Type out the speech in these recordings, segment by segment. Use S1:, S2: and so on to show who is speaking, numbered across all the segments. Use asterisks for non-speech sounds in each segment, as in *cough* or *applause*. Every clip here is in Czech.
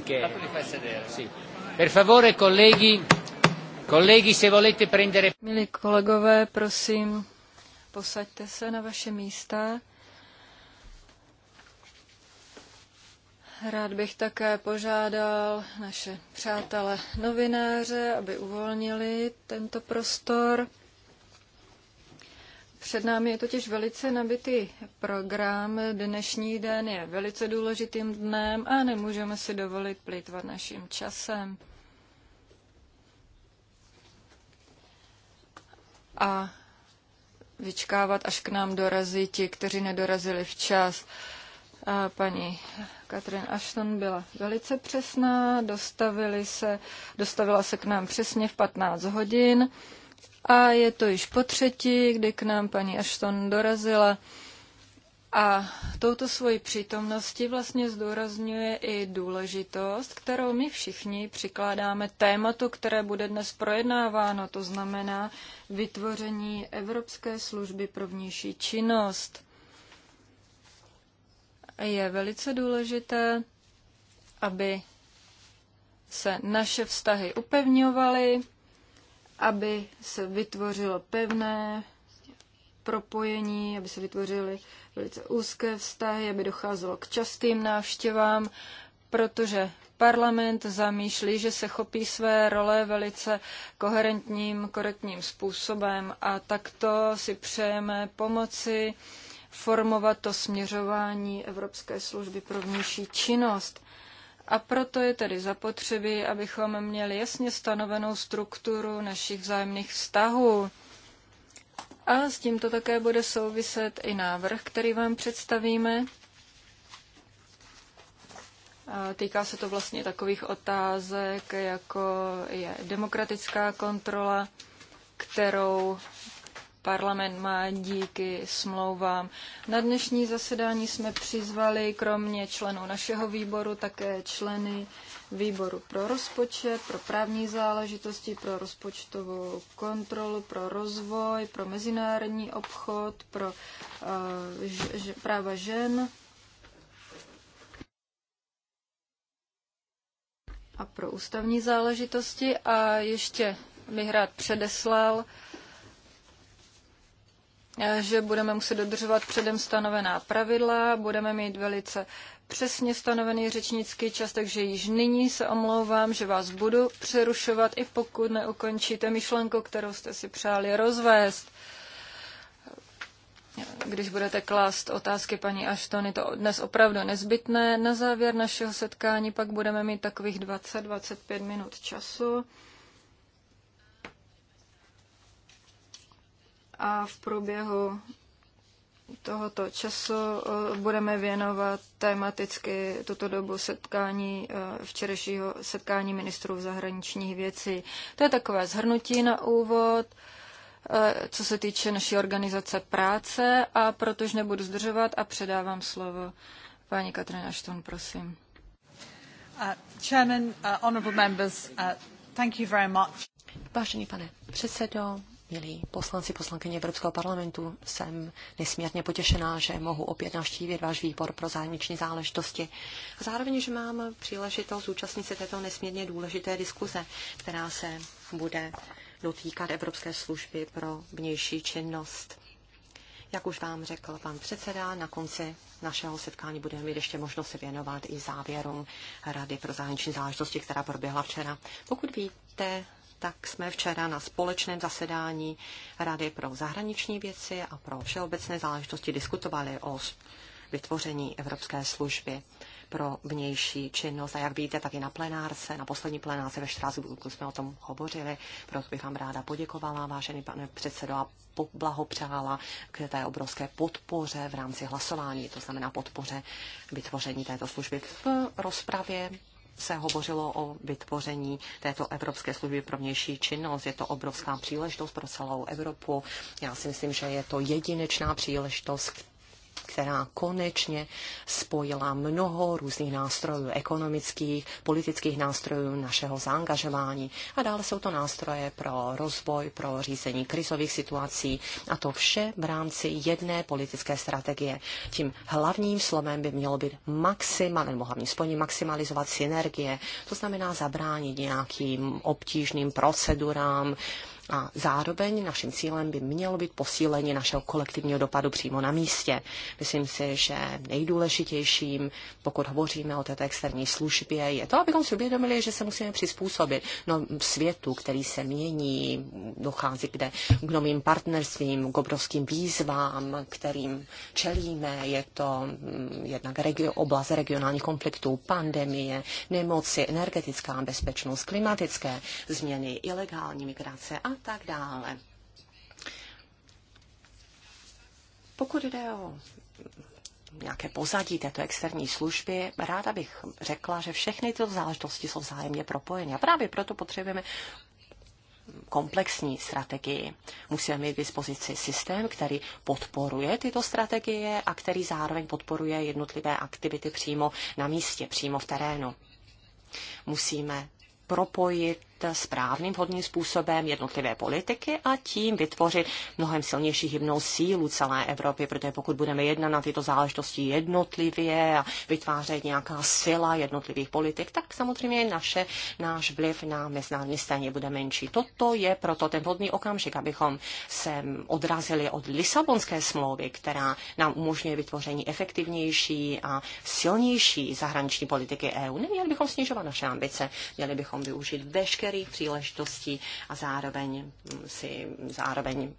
S1: perché... sedere. Sì. Per favore, colleghi, colleghi, se volete prendere... Mili kolegové, prosím,
S2: posaďte se na vaše místa. Rád bych také požádal naše přátele novináře, aby uvolnili tento prostor. Před námi je totiž velice nabitý program. Dnešní den je velice důležitým dnem a nemůžeme si dovolit plýtvat naším časem. A vyčkávat, až k nám dorazí ti, kteří nedorazili včas. A paní Katrin Ashton byla velice přesná, dostavili se, dostavila se k nám přesně v 15 hodin. A je to již po třetí, kdy k nám paní Ashton dorazila. A touto svojí přítomností vlastně zdůrazňuje i důležitost, kterou my všichni přikládáme tématu, které bude dnes projednáváno, to znamená vytvoření Evropské služby pro vnější činnost. Je velice důležité, aby se naše vztahy upevňovaly, aby se vytvořilo pevné propojení, aby se vytvořily velice úzké vztahy, aby docházelo k častým návštěvám, protože parlament zamýšlí, že se chopí své role velice koherentním, korektním způsobem a takto si přejeme pomoci formovat to směřování Evropské služby pro vnější činnost. A proto je tedy zapotřebí, abychom měli jasně stanovenou strukturu našich vzájemných vztahů. A s tímto také bude souviset i návrh, který vám představíme. Týká se to vlastně takových otázek, jako je demokratická kontrola, kterou parlament má díky smlouvám. Na dnešní zasedání jsme přizvali kromě členů našeho výboru také členy výboru pro rozpočet, pro právní záležitosti, pro rozpočtovou kontrolu, pro rozvoj, pro mezinárodní obchod, pro uh, ž, práva žen a pro ústavní záležitosti. A ještě bych rád předeslal, Eh, že budeme muset dodržovat předem stanovená pravidla, budeme mít velice přesně stanovený řečnický čas, takže již nyní se omlouvám, že vás budu přerušovat, i pokud neukončíte myšlenku, kterou jste si přáli rozvést. Když budete klást otázky paní Aštony, je to dnes opravdu nezbytné. Na závěr našeho setkání pak budeme mít takových 20-25 minut času. a v průběhu tohoto času eh, budeme věnovat tematicky tuto dobu setkání, eh, včerejšího setkání ministrů zahraničních věcí. To je takové zhrnutí na úvod eh, co se týče naší organizace práce a protože nebudu zdržovat a předávám slovo paní Katrina Ashton,
S3: prosím. Uh, chairman, uh, members, uh, thank you very much. Vážený pane předsedo, milí poslanci, poslankyně Evropského parlamentu, jsem nesmírně potěšená, že mohu opět navštívit váš výbor pro zahraniční záležitosti. A zároveň, že mám příležitost zúčastnit se této nesmírně důležité diskuze, která se bude dotýkat Evropské služby pro vnější činnost. Jak už vám řekl pan předseda, na konci našeho setkání budeme mít ještě možnost se věnovat i závěrům Rady pro zahraniční záležitosti, která proběhla včera. Pokud víte, tak jsme včera na společném zasedání Rady pro zahraniční věci a pro všeobecné záležitosti diskutovali o vytvoření Evropské služby pro vnější činnost. A jak víte, tak i na plenárce, na poslední plenárce ve Štrásburku jsme o tom hovořili. Proto bych vám ráda poděkovala, vážený pane předsedo, a blahopřála k té obrovské podpoře v rámci hlasování, to znamená podpoře vytvoření této služby. V rozpravě se hovořilo o vytvoření této Evropské služby pro vnější činnost. Je to obrovská příležitost pro celou Evropu. Já si myslím, že je to jedinečná příležitost, která konečně spojila mnoho různých nástrojů, ekonomických, politických nástrojů našeho zaangažování. A dále jsou to nástroje pro rozvoj, pro řízení krizových situací a to vše v rámci jedné politické strategie. Tím hlavním slovem by mělo být maximal, nebo hlavní spojení maximalizovat synergie, to znamená zabránit nějakým obtížným procedurám, a zároveň naším cílem by mělo být posílení našeho kolektivního dopadu přímo na místě. Myslím si, že nejdůležitějším, pokud hovoříme o této externí službě, je to, abychom si uvědomili, že se musíme přizpůsobit no, světu, který se mění, dochází kde k novým partnerstvím, k obrovským výzvám, kterým čelíme. Je to mm, jednak regio, oblast regionálních konfliktů, pandemie, nemoci, energetická bezpečnost, klimatické změny, ilegální migrace a tak dále.
S2: Pokud jde o
S3: nějaké pozadí této externí služby, ráda bych řekla, že všechny tyto záležitosti jsou vzájemně propojeny. A právě proto potřebujeme komplexní strategii. Musíme mít k dispozici systém, který podporuje tyto strategie a který zároveň podporuje jednotlivé aktivity přímo na místě, přímo v terénu. Musíme propojit správným vhodným způsobem jednotlivé politiky a tím vytvořit mnohem silnější hybnou sílu celé Evropy, protože pokud budeme jedna na tyto záležitosti jednotlivě a vytvářet nějaká sila jednotlivých politik, tak samozřejmě naše, náš vliv na mezinárodní scéně bude menší. Toto je proto ten vhodný okamžik, abychom se odrazili od Lisabonské smlouvy, která nám umožňuje vytvoření efektivnější a silnější zahraniční politiky EU. Neměli bychom snižovat naše ambice, měli bychom využít veškeré veškerých příležitostí a zároveň, si, zároveň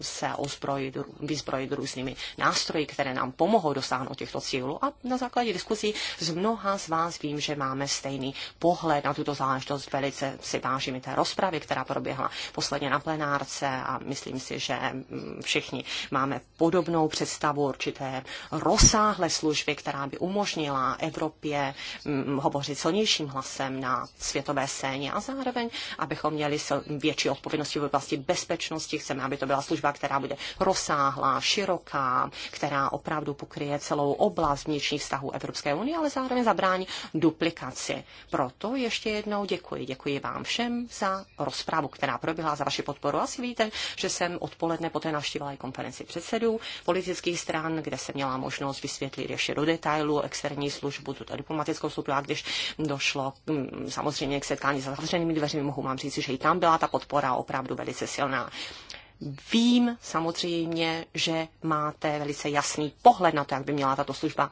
S3: se ozbrojit, vyzbrojit různými nástroji, které nám pomohou dosáhnout těchto cílů. A na základě diskuzí z mnoha z vás vím, že máme stejný pohled na tuto záležitost. Velice si vážím i té rozpravy, která proběhla posledně na plenárce a myslím si, že mm, všichni máme podobnou představu určité rozsáhlé služby, která by umožnila Evropě mm, hovořit silnějším hlasem na světové scéně a zároveň zároveň, abychom měli větší odpovědnosti v oblasti bezpečnosti. Chceme, aby to byla služba, která bude rozsáhlá, široká, která opravdu pokryje celou oblast vnitřních vztahů Evropské unie, ale zároveň zabrání duplikaci. Proto ještě jednou děkuji. Děkuji vám všem za rozpravu, která proběhla, za vaši podporu. Asi víte, že jsem odpoledne poté navštívila i konferenci předsedů politických stran, kde jsem měla možnost vysvětlit ještě do detailu externí službu, tuto diplomatickou službu, a když došlo hm, samozřejmě k setkání s zavřenými dveřmi, dveřmi mohu vám říct, že i tam byla ta podpora opravdu velice silná. Vím samozřejmě, že máte velice jasný pohled na to, jak by měla tato služba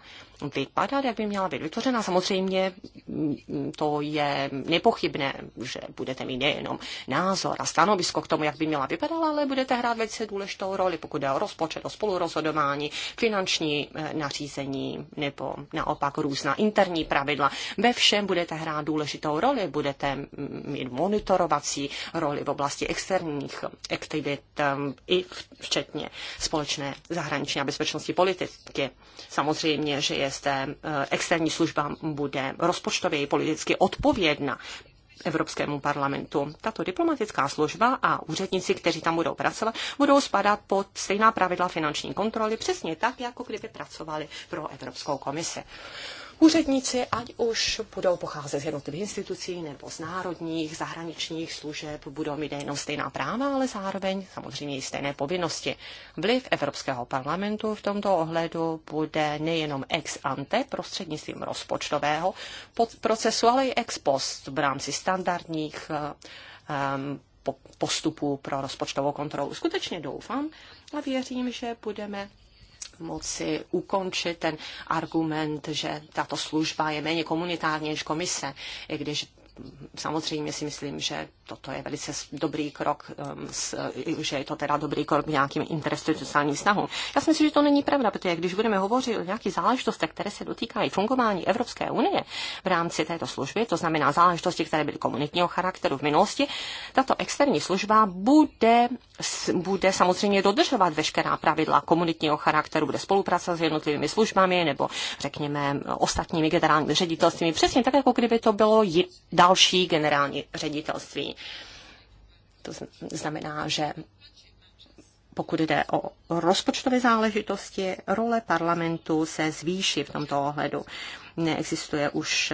S3: vypadat, jak by měla být vytvořena. Samozřejmě mm, to je nepochybné, že budete mít nejenom názor a stanovisko k tomu, jak by měla vypadat, ale budete hrát velice důležitou roli, pokud jde o rozpočet, o spolurozhodování, finanční eh, nařízení nebo naopak různá interní pravidla. Ve všem budete hrát důležitou roli, budete mm, mít monitorovací roli v oblasti externích eh, aktivit eh, i včetně společné zahraniční a bezpečnostní politiky. Samozřejmě, že je té eh, externí služba bude rozpočtově i politicky odpovědna Evropskému parlamentu. Tato diplomatická služba a úředníci, kteří tam budou pracovat, budou spadat pod stejná pravidla finanční kontroly, přesně tak, jako kdyby pracovali pro Evropskou komisi. Úředníci, ať už budou pocházet z jednotlivých institucí nebo z národních, zahraničních služeb, budou mít nejenom stejná práva, ale zároveň samozřejmě i stejné povinnosti. Vliv Evropského parlamentu v tomto ohledu bude nejenom ex ante prostřednictvím rozpočtového procesu, ale i ex post v rámci standardních um, postupů pro rozpočtovou kontrolu. Skutečně doufám a věřím, že budeme moci ukončit ten argument, že tato služba je méně komunitární než komise, i když samozřejmě si myslím, že toto je velice dobrý krok, um, že je to teda dobrý krok k nějakým interstitucionálním snahům. Já si myslím, že to není pravda, protože když budeme hovořit o nějakých záležitostech, které se dotýkají fungování Evropské unie v rámci této služby, to znamená záležitosti, které byly komunitního charakteru v minulosti, tato externí služba bude, bude samozřejmě dodržovat veškerá pravidla komunitního charakteru, bude spolupracovat s jednotlivými službami nebo řekněme ostatními generálními ředitelstvími, přesně tak, jako kdyby to bylo dá další generální ředitelství. To znamená, že pokud jde o rozpočtové záležitosti, role parlamentu se zvýší v tomto ohledu. Neexistuje už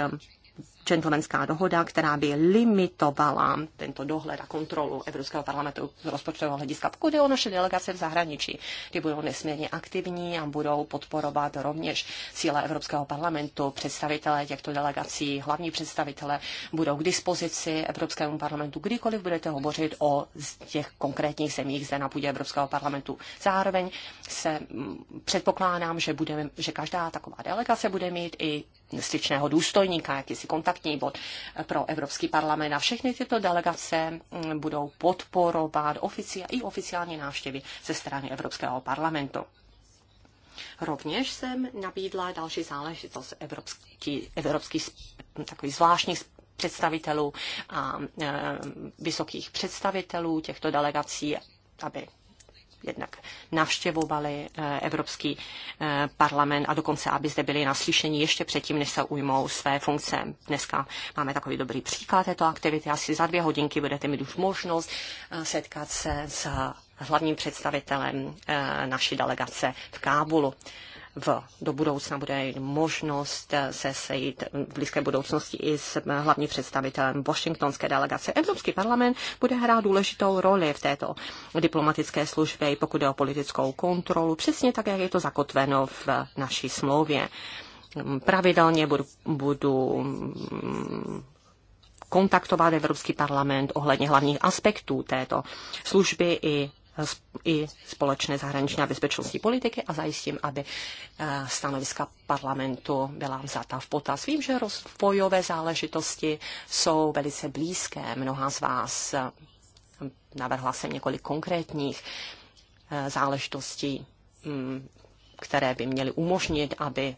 S3: džentlmenská dohoda, která by limitovala tento dohled a kontrolu Evropského parlamentu z rozpočtového hlediska. Pokud je o naše delegace v zahraničí, ty budou nesmírně aktivní a budou podporovat rovněž síle Evropského parlamentu. Představitelé těchto delegací, hlavní představitelé, budou k dispozici Evropskému parlamentu, kdykoliv budete hovořit o těch konkrétních zemích zde na půdě Evropského parlamentu. Zároveň se mm, předpokládám, že, budeme, že každá taková delegace bude mít i styčného důstojníka, jakýsi kontakt kontaktní bod pro Evropský parlament. A všechny tyto delegace budou podporovat ofici- i oficiální návštěvy ze strany Evropského parlamentu. Rovněž jsem nabídla další záležitost evropský, evropský takový zvláštní představitelů a e, vysokých představitelů těchto delegací, aby jednak navštěvovali eh, Evropský eh, parlament a dokonce, aby zde byli naslyšeni ještě předtím, než se ujmou své funkce. Dneska máme takový dobrý příklad této aktivity. Asi za dvě hodinky budete mít už možnost eh, setkat se s hlavním představitelem naší delegace v Kábulu v, do budoucna bude možnost se sejít v blízké budoucnosti i s hlavním představitelem washingtonské delegace. Evropský parlament bude hrát důležitou roli v této diplomatické službě, pokud jde o politickou kontrolu, přesně tak, jak je to zakotveno v naší smlouvě. Pravidelně budu, budu mm, kontaktovat Evropský parlament ohledně hlavních aspektů této služby i i společné zahraniční a bezpečnostní politiky a zajistím, aby eh, stanoviska parlamentu byla vzata v potaz. Vím, že rozvojové záležitosti jsou velice blízké mnoha z vás. Eh, navrhla jsem několik konkrétních eh, záležitostí, mm, které by měly umožnit, aby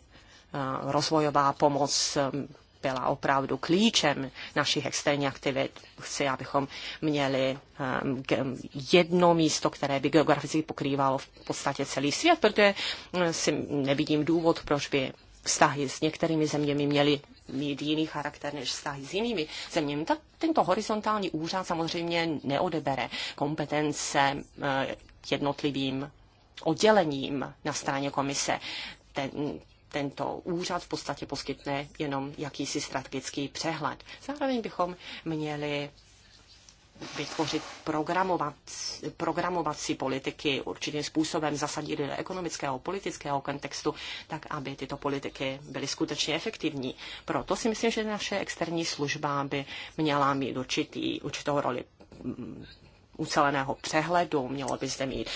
S3: rozvojová pomoc mm, byla opravdu klíčem našich externích aktivit. Chci, abychom měli ehm, jedno místo, které by geograficky pokrývalo v podstatě celý svět, protože ehm, si nevidím důvod, proč by vztahy s některými zeměmi měly mít jiný charakter než vztahy s jinými zeměmi, tak tento horizontální úřad samozřejmě neodebere kompetence ehm, jednotlivým oddělením na straně komise. Ten, tento úřad v podstatě poskytne jenom jakýsi strategický přehled. Zároveň bychom měli vytvořit programovací, programovací politiky určitým způsobem, zasadit do ekonomického, politického kontextu, tak aby tyto politiky byly skutečně efektivní. Proto si myslím, že naše externí služba by měla mít určitý, určitou roli uceleného přehledu, mělo by zde mít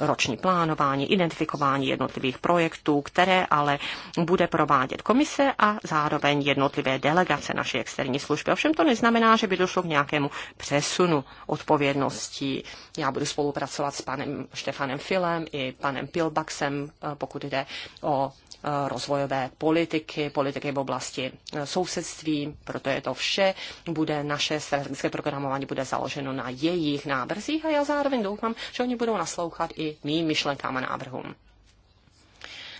S3: roční plánování, identifikování jednotlivých projektů, které ale bude provádět komise a zároveň jednotlivé delegace naší externí služby. Ovšem to neznamená, že by došlo k nějakému přesunu odpovědností. Já budu spolupracovat s panem Štefanem Filem i panem Pilbaxem, eh, pokud jde o Eh, rozvojové politiky, politiky v oblasti eh, sousedství, proto je to vše, bude naše strategické programování bude založeno na jejich návrzích a já zároveň doufám, že oni budou naslouchat i mým myšlenkám a návrhům.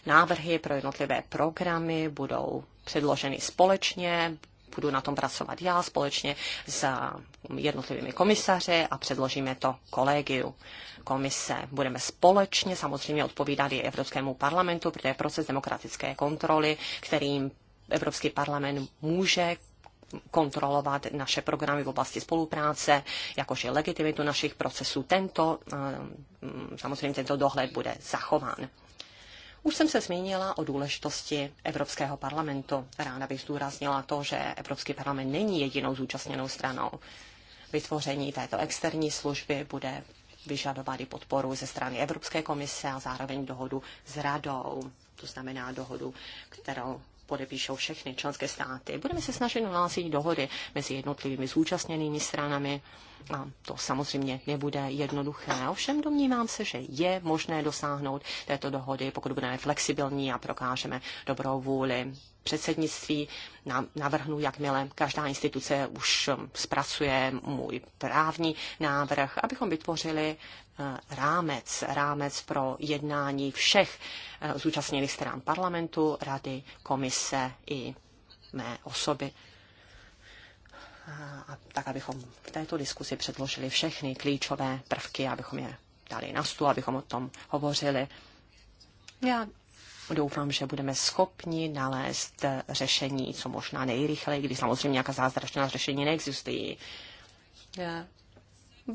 S3: Návrhy pro jednotlivé programy budou předloženy společně, budu na tom pracovat já společně s jednotlivými komisaři a předložíme to kolegiu komise. Budeme společně samozřejmě odpovídat i Evropskému parlamentu, protože proces demokratické kontroly, kterým Evropský parlament může kontrolovat naše programy v oblasti spolupráce, jakož i legitimitu našich procesů. Tento, eh, samozřejmě tento dohled bude zachován. Už jsem se zmínila o důležitosti Evropského parlamentu. Ráda bych zdůraznila to, že Evropský parlament není jedinou zúčastněnou stranou. Vytvoření této externí služby bude vyžadovat i podporu ze strany Evropské komise a zároveň dohodu s radou, to znamená dohodu, kterou podepíšou všechny členské státy. Budeme se snažit nalásit dohody mezi jednotlivými zúčastněnými stranami. A to samozřejmě nebude jednoduché. Ovšem domnívám se, že je možné dosáhnout této dohody, pokud budeme flexibilní a prokážeme dobrou vůli předsednictví navrhnu, jakmile každá instituce už um, zpracuje můj právní návrh, abychom vytvořili eh, rámec, rámec pro jednání všech eh, zúčastněných stran parlamentu, rady, komise i mé osoby. Eh, a tak, abychom v této diskusi předložili všechny klíčové prvky, abychom je dali na stůl, abychom o tom hovořili. Já doufám, že budeme schopni nalézt eh, řešení, co možná nejrychleji, když samozřejmě nějaká zázračná řešení neexistují. Eh,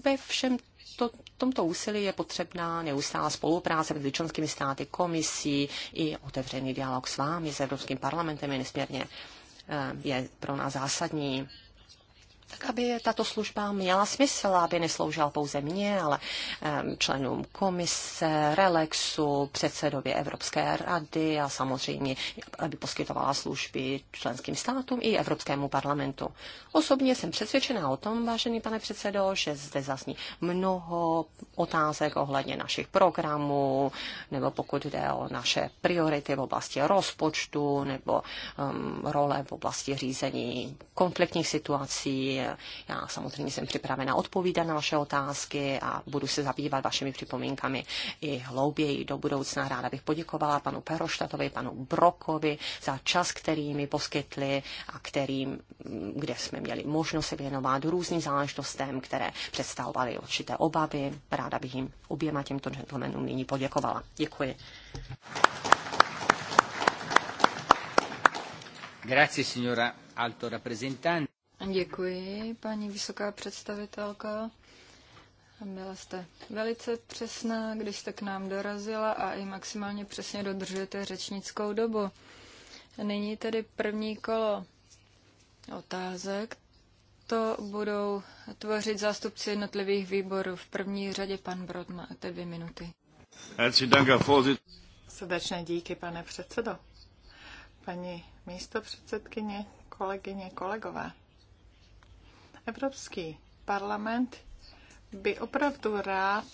S3: ve všem to, tomto úsilí je potřebná neustálá spolupráce mezi členskými státy, komisí i otevřený dialog s vámi, s Evropským parlamentem je nesmírně eh, je pro nás zásadní tak aby tato služba měla smysl, aby nesloužila pouze mně, ale členům komise, Relexu, předsedovi Evropské rady a samozřejmě, aby poskytovala služby členským státům i Evropskému parlamentu. Osobně jsem přesvědčená o tom, vážený pane předsedo, že zde zazní mnoho otázek ohledně našich programů, nebo pokud jde o naše priority v oblasti rozpočtu, nebo um, role v oblasti řízení konfliktních situací, já samozřejmě jsem připravena odpovídat na vaše otázky a budu se zabývat vašimi připomínkami i hlouběji do budoucna. Ráda bych poděkovala panu Peroštatovi, panu Brokovi za čas, který mi poskytli a kterým, kde jsme měli možnost se věnovat různým záležitostem, které představovaly určité obavy. Ráda bych jim oběma těmto gentlemanům nyní poděkovala. Děkuji.
S1: Grazie signora alto rappresentante.
S2: Děkuji, paní vysoká představitelka. Byla jste velice přesná, když jste k nám dorazila a i maximálně přesně dodržujete řečnickou dobu. Nyní tedy první kolo otázek. To budou tvořit zástupci jednotlivých výborů. V první řadě pan Brod, máte dvě minuty.
S4: Srdečné díky, pane předsedo. Paní místo předsedkyně, kolegyně, kolegové. Evropský parlament by opravdu rád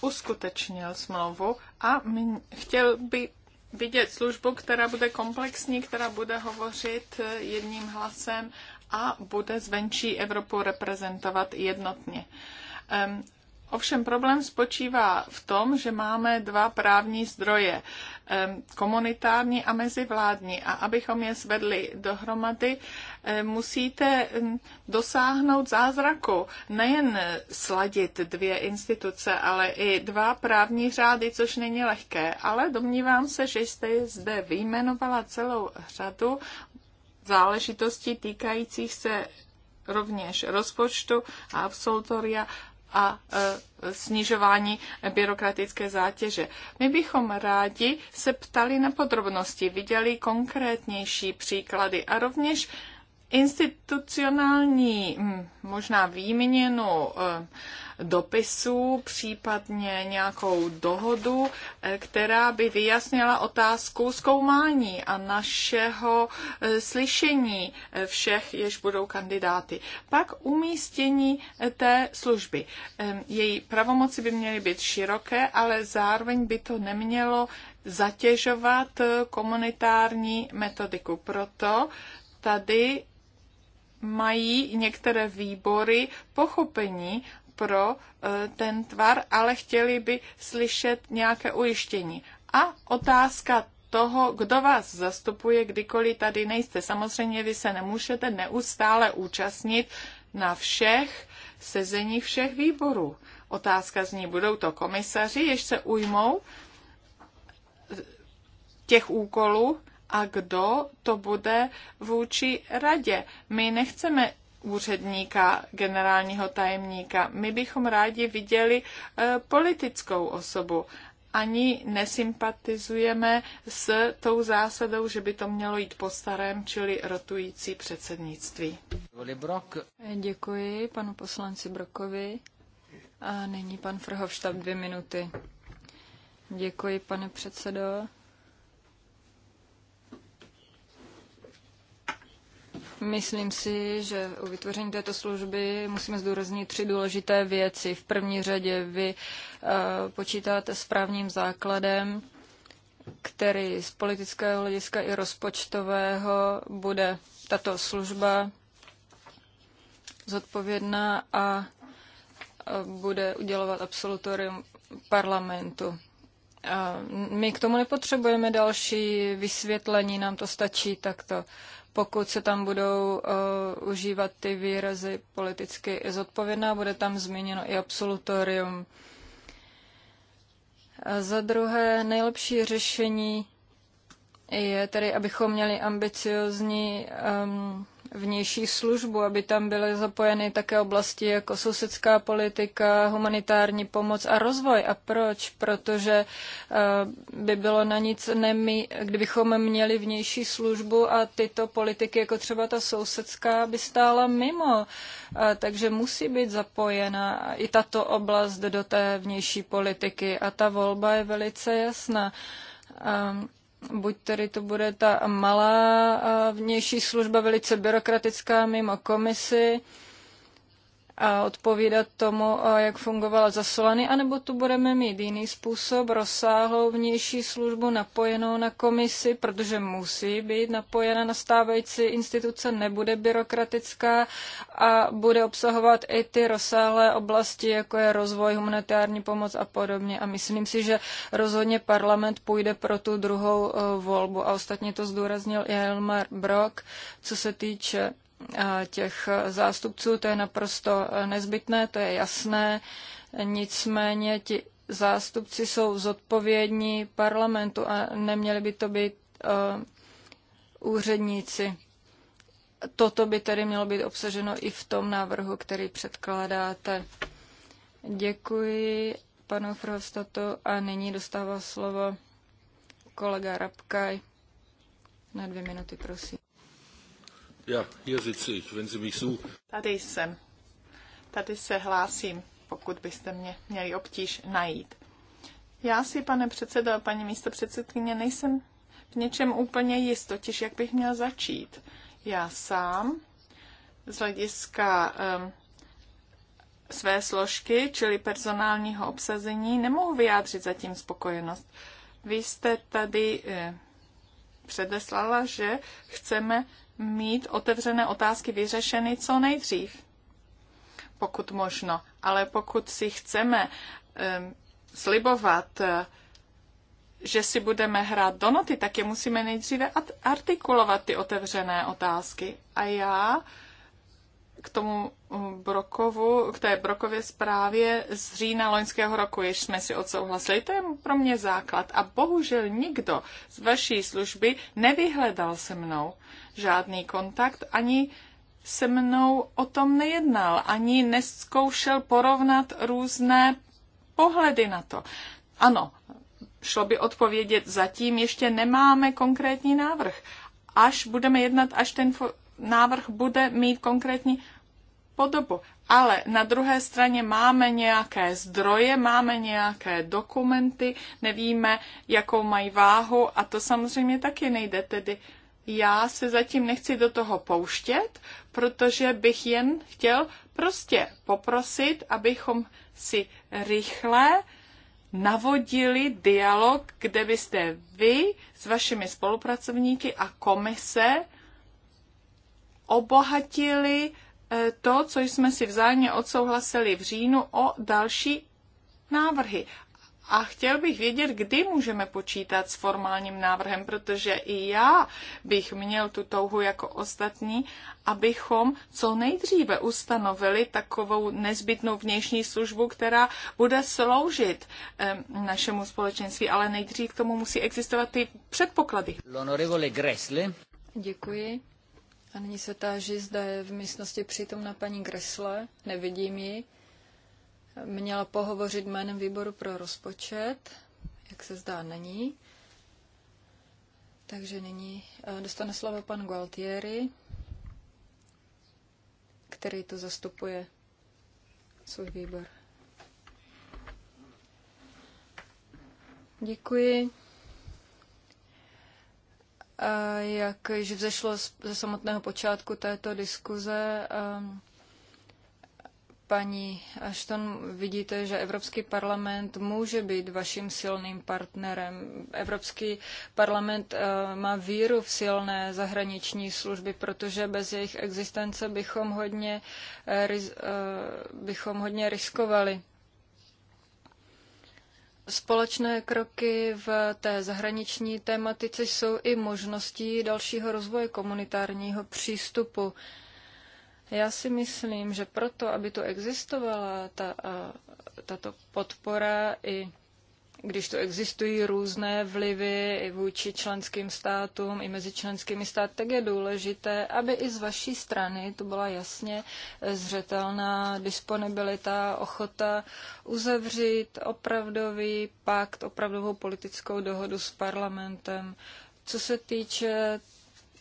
S4: uskutečnil smlouvu a chtěl by vidět službu, která bude komplexní, která bude hovořit eh, jedním hlasem a bude zvenčí Evropu reprezentovat jednotně. Ovšem problém spočívá v tom, že máme dva právní zdroje, komunitární a mezivládní. A abychom je svedli dohromady, musíte dosáhnout zázraku. Nejen sladit dvě instituce, ale i dva právní řády, což není lehké. Ale domnívám se, že jste zde vyjmenovala celou řadu záležitostí týkajících se rovněž rozpočtu a absolutoria a e, snižování byrokratické zátěže. My bychom rádi se ptali na podrobnosti, viděli konkrétnější příklady a rovněž institucionální hm, možná výměnu eh, dopisů, případně nějakou dohodu, eh, která by vyjasnila otázku zkoumání a našeho eh, slyšení všech, jež budou kandidáty. Pak umístění té služby. Ehm, její pravomoci by měly být široké, ale zároveň by to nemělo zatěžovat komunitární metodiku. Proto tady mají některé výbory pochopení pro eh, ten tvar, ale chtěli by slyšet nějaké ujištění. A otázka toho, kdo vás zastupuje, kdykoliv tady nejste. Samozřejmě vy se nemůžete neustále účastnit na všech sezeních všech výborů. Otázka zní, budou to komisaři, jež se ujmou eh, těch úkolů, a kdo to bude vůči radě. My nechceme úředníka, generálního tajemníka. My bychom rádi viděli eh, politickou osobu. Ani nesympatizujeme s tou zásadou, že by to mělo jít po starém, čili rotující předsednictví.
S2: Děkuji panu poslanci Brokovi. A nyní pan Frhovštab dvě minuty. Děkuji, pane předsedo. Myslím si, že u vytvoření této služby musíme zdůraznit tři důležité věci. V první řadě vy eh, počítáte s právním základem, který z politického hlediska i rozpočtového bude tato služba zodpovědná a bude udělovat absolutorium parlamentu. my k tomu nepotřebujeme další vysvětlení, nám to stačí takto pokud se tam budou uh, užívat ty výrazy politicky zodpovědná, bude tam zmíněno i absolutorium. A za druhé, nejlepší řešení je tedy, abychom měli ambiciozní um, ehm, vnější službu, aby tam byly zapojeny také oblasti jako sousedská politika, humanitární pomoc a rozvoj. A proč? Protože eh, by bylo na nic nemí, kdybychom měli vnější službu a tyto politiky, jako třeba ta sousedská, by stála mimo. Eh, takže musí být zapojena i tato oblast do té vnější politiky. A ta volba je velice jasná. Ehm, buď tedy to bude ta malá vnější služba velice byrokratická mimo komisi, a odpovídat tomu, jak fungovala za Solany, anebo tu budeme mít jiný způsob, rozsáhlou vnější službu napojenou na komisi, protože musí být napojena na stávající instituce, nebude byrokratická a bude obsahovat i ty rozsáhlé oblasti, jako je rozvoj, humanitární pomoc a podobně. A myslím si, že rozhodně parlament půjde pro tu druhou e, volbu. A ostatně to zdůraznil i Elmar Brock, co se týče těch zástupců, to je naprosto nezbytné, to je jasné. Nicméně ti zástupci jsou zodpovědní parlamentu a neměli by to být uh, úředníci. Toto by tedy mělo být obsaženo i v tom návrhu, který předkládáte. Děkuji panu Frostatu a nyní dostává slovo
S4: kolega Rabkaj. Na dvě minuty, prosím.
S1: Ja, hier sitze ich, wenn Sie mich suchen.
S4: Tady jsem. Tady se hlásím, pokud byste mě měli obtíž najít. Já si, pane předsedo paní místo předsedkyně, nejsem v něčem úplně jist, totiž jak bych měl začít. Já sám z hlediska um, své složky, čili personálního obsazení, nemohu vyjádřit zatím spokojenost. Vy jste tady eh, předeslala, že chceme mít otevřené otázky vyřešeny co nejdřív, pokud možno. Ale pokud si chceme um, slibovat, eh, že si budeme hrát do noty, tak je musíme nejdříve artikulovat ty otevřené otázky. A já uh, k tomu mm, Brokovu, k té Brokově zprávě z října loňského roku, jež jsme si odsouhlasili. To je pro mě základ. A bohužel nikdo z vaší služby nevyhledal se mnou žádný kontakt, ani se mnou o tom nejednal, ani neskoušel porovnat různé pohledy na to. Ano, šlo by odpovědět, zatím ještě nemáme konkrétní návrh. Až budeme jednat, až ten návrh bude mít konkrétní podobu. Ale na druhé straně máme nějaké zdroje, máme nějaké dokumenty, nevíme, jakou mají váhu a to samozřejmě taky nejde. Tedy já se zatím nechci do toho pouštět, protože bych jen chtěl prostě poprosit, abychom si rychle navodili dialog, kde byste vy s vašimi spolupracovníky a komise obohatili eh, to, co jsme si vzájemně odsouhlasili v říjnu, o další návrhy. A chtěl bych vědět, kdy můžeme počítat s formálním návrhem, protože i já bych měl tu touhu jako ostatní, abychom co nejdříve ustanovili takovou nezbytnou vnější službu, která bude sloužit eh, našemu společenství, ale nejdřív k tomu musí existovat ty předpoklady. Děkuji.
S2: A nyní se táží, zda je v místnosti přítomna paní Gresle. Nevidím ji. Měla pohovořit jménem výboru pro rozpočet. Jak se zdá, není. Takže nyní eh, dostane slovo pan Gualtieri, který tu zastupuje svůj výbor. Děkuji. Eh, jak již vzešlo ze samotného počátku této diskuze, ehm, paní Ashton, vidíte, že Evropský parlament může být vaším silným partnerem. Evropský parlament eh, má víru v silné zahraniční služby, protože bez jejich existence bychom hodně, eh, bychom hodně riskovali. Společné kroky v té zahraniční tématice jsou i možností dalšího rozvoje komunitárního přístupu. Já si myslím, že proto, aby tu existovala ta, tato podpora i když tu existují různé vlivy i vůči členským státům, i mezi členskými státy, tak je důležité, aby i z vaší strany tu byla jasně eh, zřetelná disponibilita, ochota uzavřít opravdový pakt, opravdovou politickou dohodu s parlamentem. Co se týče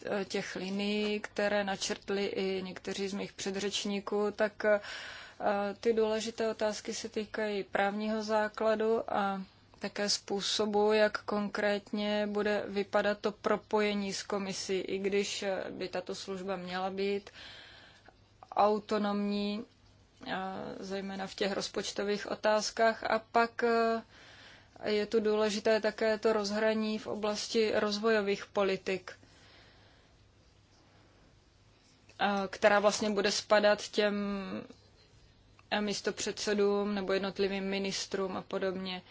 S2: eh, těch linií, které načrtli i někteří z mých předřečníků, tak eh, ty důležité otázky se týkají právního základu a také způsobu, jak konkrétně bude vypadat to propojení s komisí, i když eh, by tato služba měla být autonomní, eh, zejména v těch rozpočtových otázkách. A pak eh, je tu důležité také to rozhraní v oblasti rozvojových politik, která vlastně bude spadat těm místopředsedům nebo jednotlivým ministrům a podobně.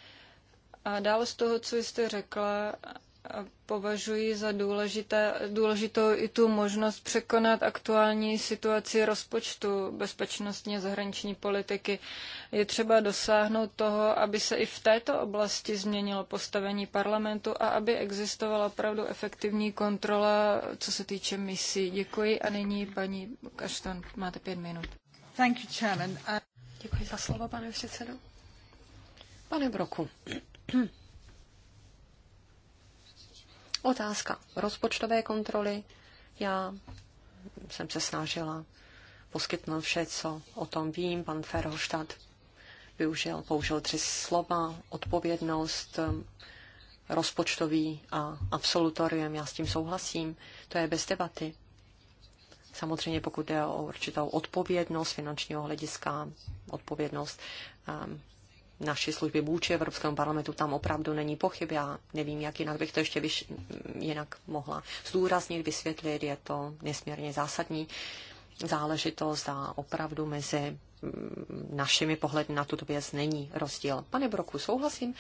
S2: A dále z toho, co jste řekla, považuji za důležité, důležitou i tu možnost překonat aktuální situaci rozpočtu bezpečnostně zahraniční politiky. Je třeba dosáhnout toho, aby se i v této oblasti změnilo postavení parlamentu a aby existovala opravdu efektivní kontrola, co se týče misí. Děkuji a nyní paní Kašton, máte pět minut. Thank you, chairman. Děkuji za slovo,
S3: pane předsedo. Pane Broku, *clears throat* Otázka rozpočtové kontroly. Já jsem se snažila poskytnout vše, co o tom vím. Pan Ferhoštad využil, použil tři slova, odpovědnost, um, rozpočtový a absolutorium. Já s tím souhlasím, to je bez debaty. Samozřejmě pokud jde o určitou odpovědnost finančního hlediska, odpovědnost um, naší služby vůči Evropskému parlamentu tam opravdu není pochyb. Já nevím, jak jinak bych to ještě vyš, jinak mohla zdůraznit, vysvětlit. Je to nesmírně zásadní záležitost a opravdu mezi mm, našimi pohledy na tuto věc není rozdíl. Pane Broku, souhlasím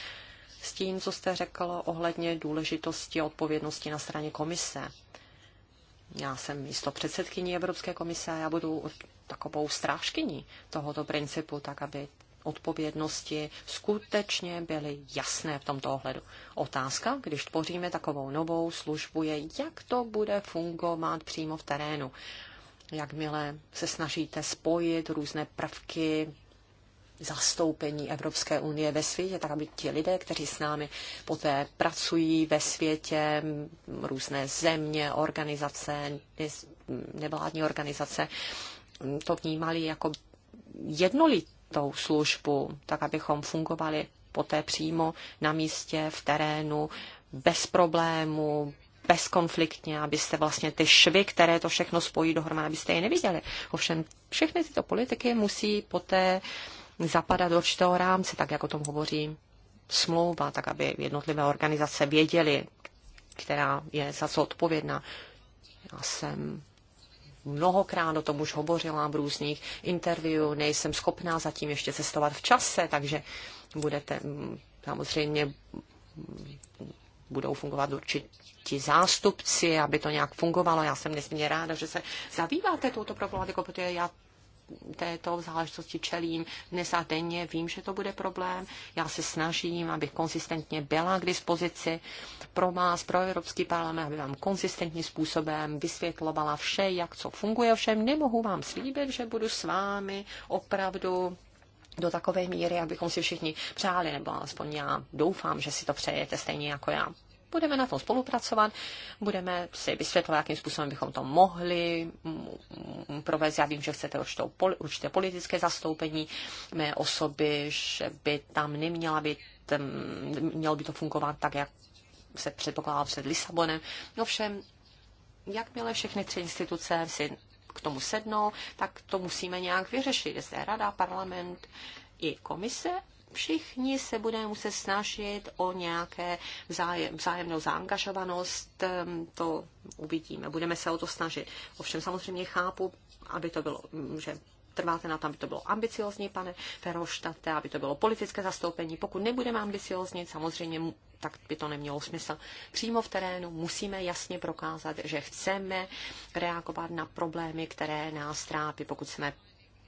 S3: s tím, co jste řekl ohledně důležitosti a odpovědnosti na straně komise. Já jsem místo předsedkyní Evropské komise a já budu takovou strážkyní tohoto principu, tak aby odpovědnosti skutečně byly jasné v tomto ohledu. Otázka, když tvoříme takovou novou službu, je, jak to bude fungovat přímo v terénu. Jakmile se snažíte spojit různé prvky zastoupení Evropské unie ve světě, tak aby ti lidé, kteří s námi poté pracují ve světě, různé země, organizace, nevládní organizace, to vnímali jako jednolit, tou službu, tak abychom fungovali poté přímo na místě, v terénu, bez problémů, bezkonfliktně, abyste vlastně ty švy, které to všechno spojí dohromady, abyste je neviděli. Ovšem, všechny tyto politiky musí poté zapadat do určitého rámce, tak jak o tom hovoří smlouva, tak aby jednotlivé organizace věděly, která je za co odpovědná. Já jsem mnohokrát o tom už hovořila v různých interview, nejsem schopná zatím ještě cestovat v čase, takže budete mm, samozřejmě budou fungovat určitě zástupci, aby to nějak fungovalo. Já jsem nesmírně ráda, že se zabýváte touto problematikou, protože já této záležitosti čelím dnes a denně. Vím, že to bude problém. Já se snažím, abych konzistentně byla k dispozici pro vás, pro Evropský parlament, aby vám konzistentním způsobem vysvětlovala vše, jak co funguje. Ovšem nemohu vám slíbit, že budu s vámi opravdu do takové míry, abychom si všichni přáli, nebo alespoň já doufám, že si to přejete stejně jako já budeme na tom spolupracovat, budeme si vysvětlovat, jakým způsobem bychom to mohli mm, provést. Já vím, že chcete určitou, určité politické zastoupení mé osoby, že by tam neměla být, mm, mělo by to fungovat tak, jak se předpokládá před Lisabonem. No ovšem, jakmile všechny tři instituce si k tomu sednou, tak to musíme nějak vyřešit. Zde rada, parlament i komise všichni se budeme muset snažit o nějaké vzájem, vzájemnou zaangažovanost, ehm, to uvidíme. Budeme se o to snažit. Ovšem samozřejmě chápu, aby to bylo, mm, že trváte na tom, aby to bylo ambiciozní, pane Feroštate, aby to bylo politické zastoupení. Pokud nebudeme ambiciozní, samozřejmě tak by to nemělo smysl. Přímo v terénu musíme jasně prokázat, že chceme reagovat na problémy, které nás trápí. Pokud jsme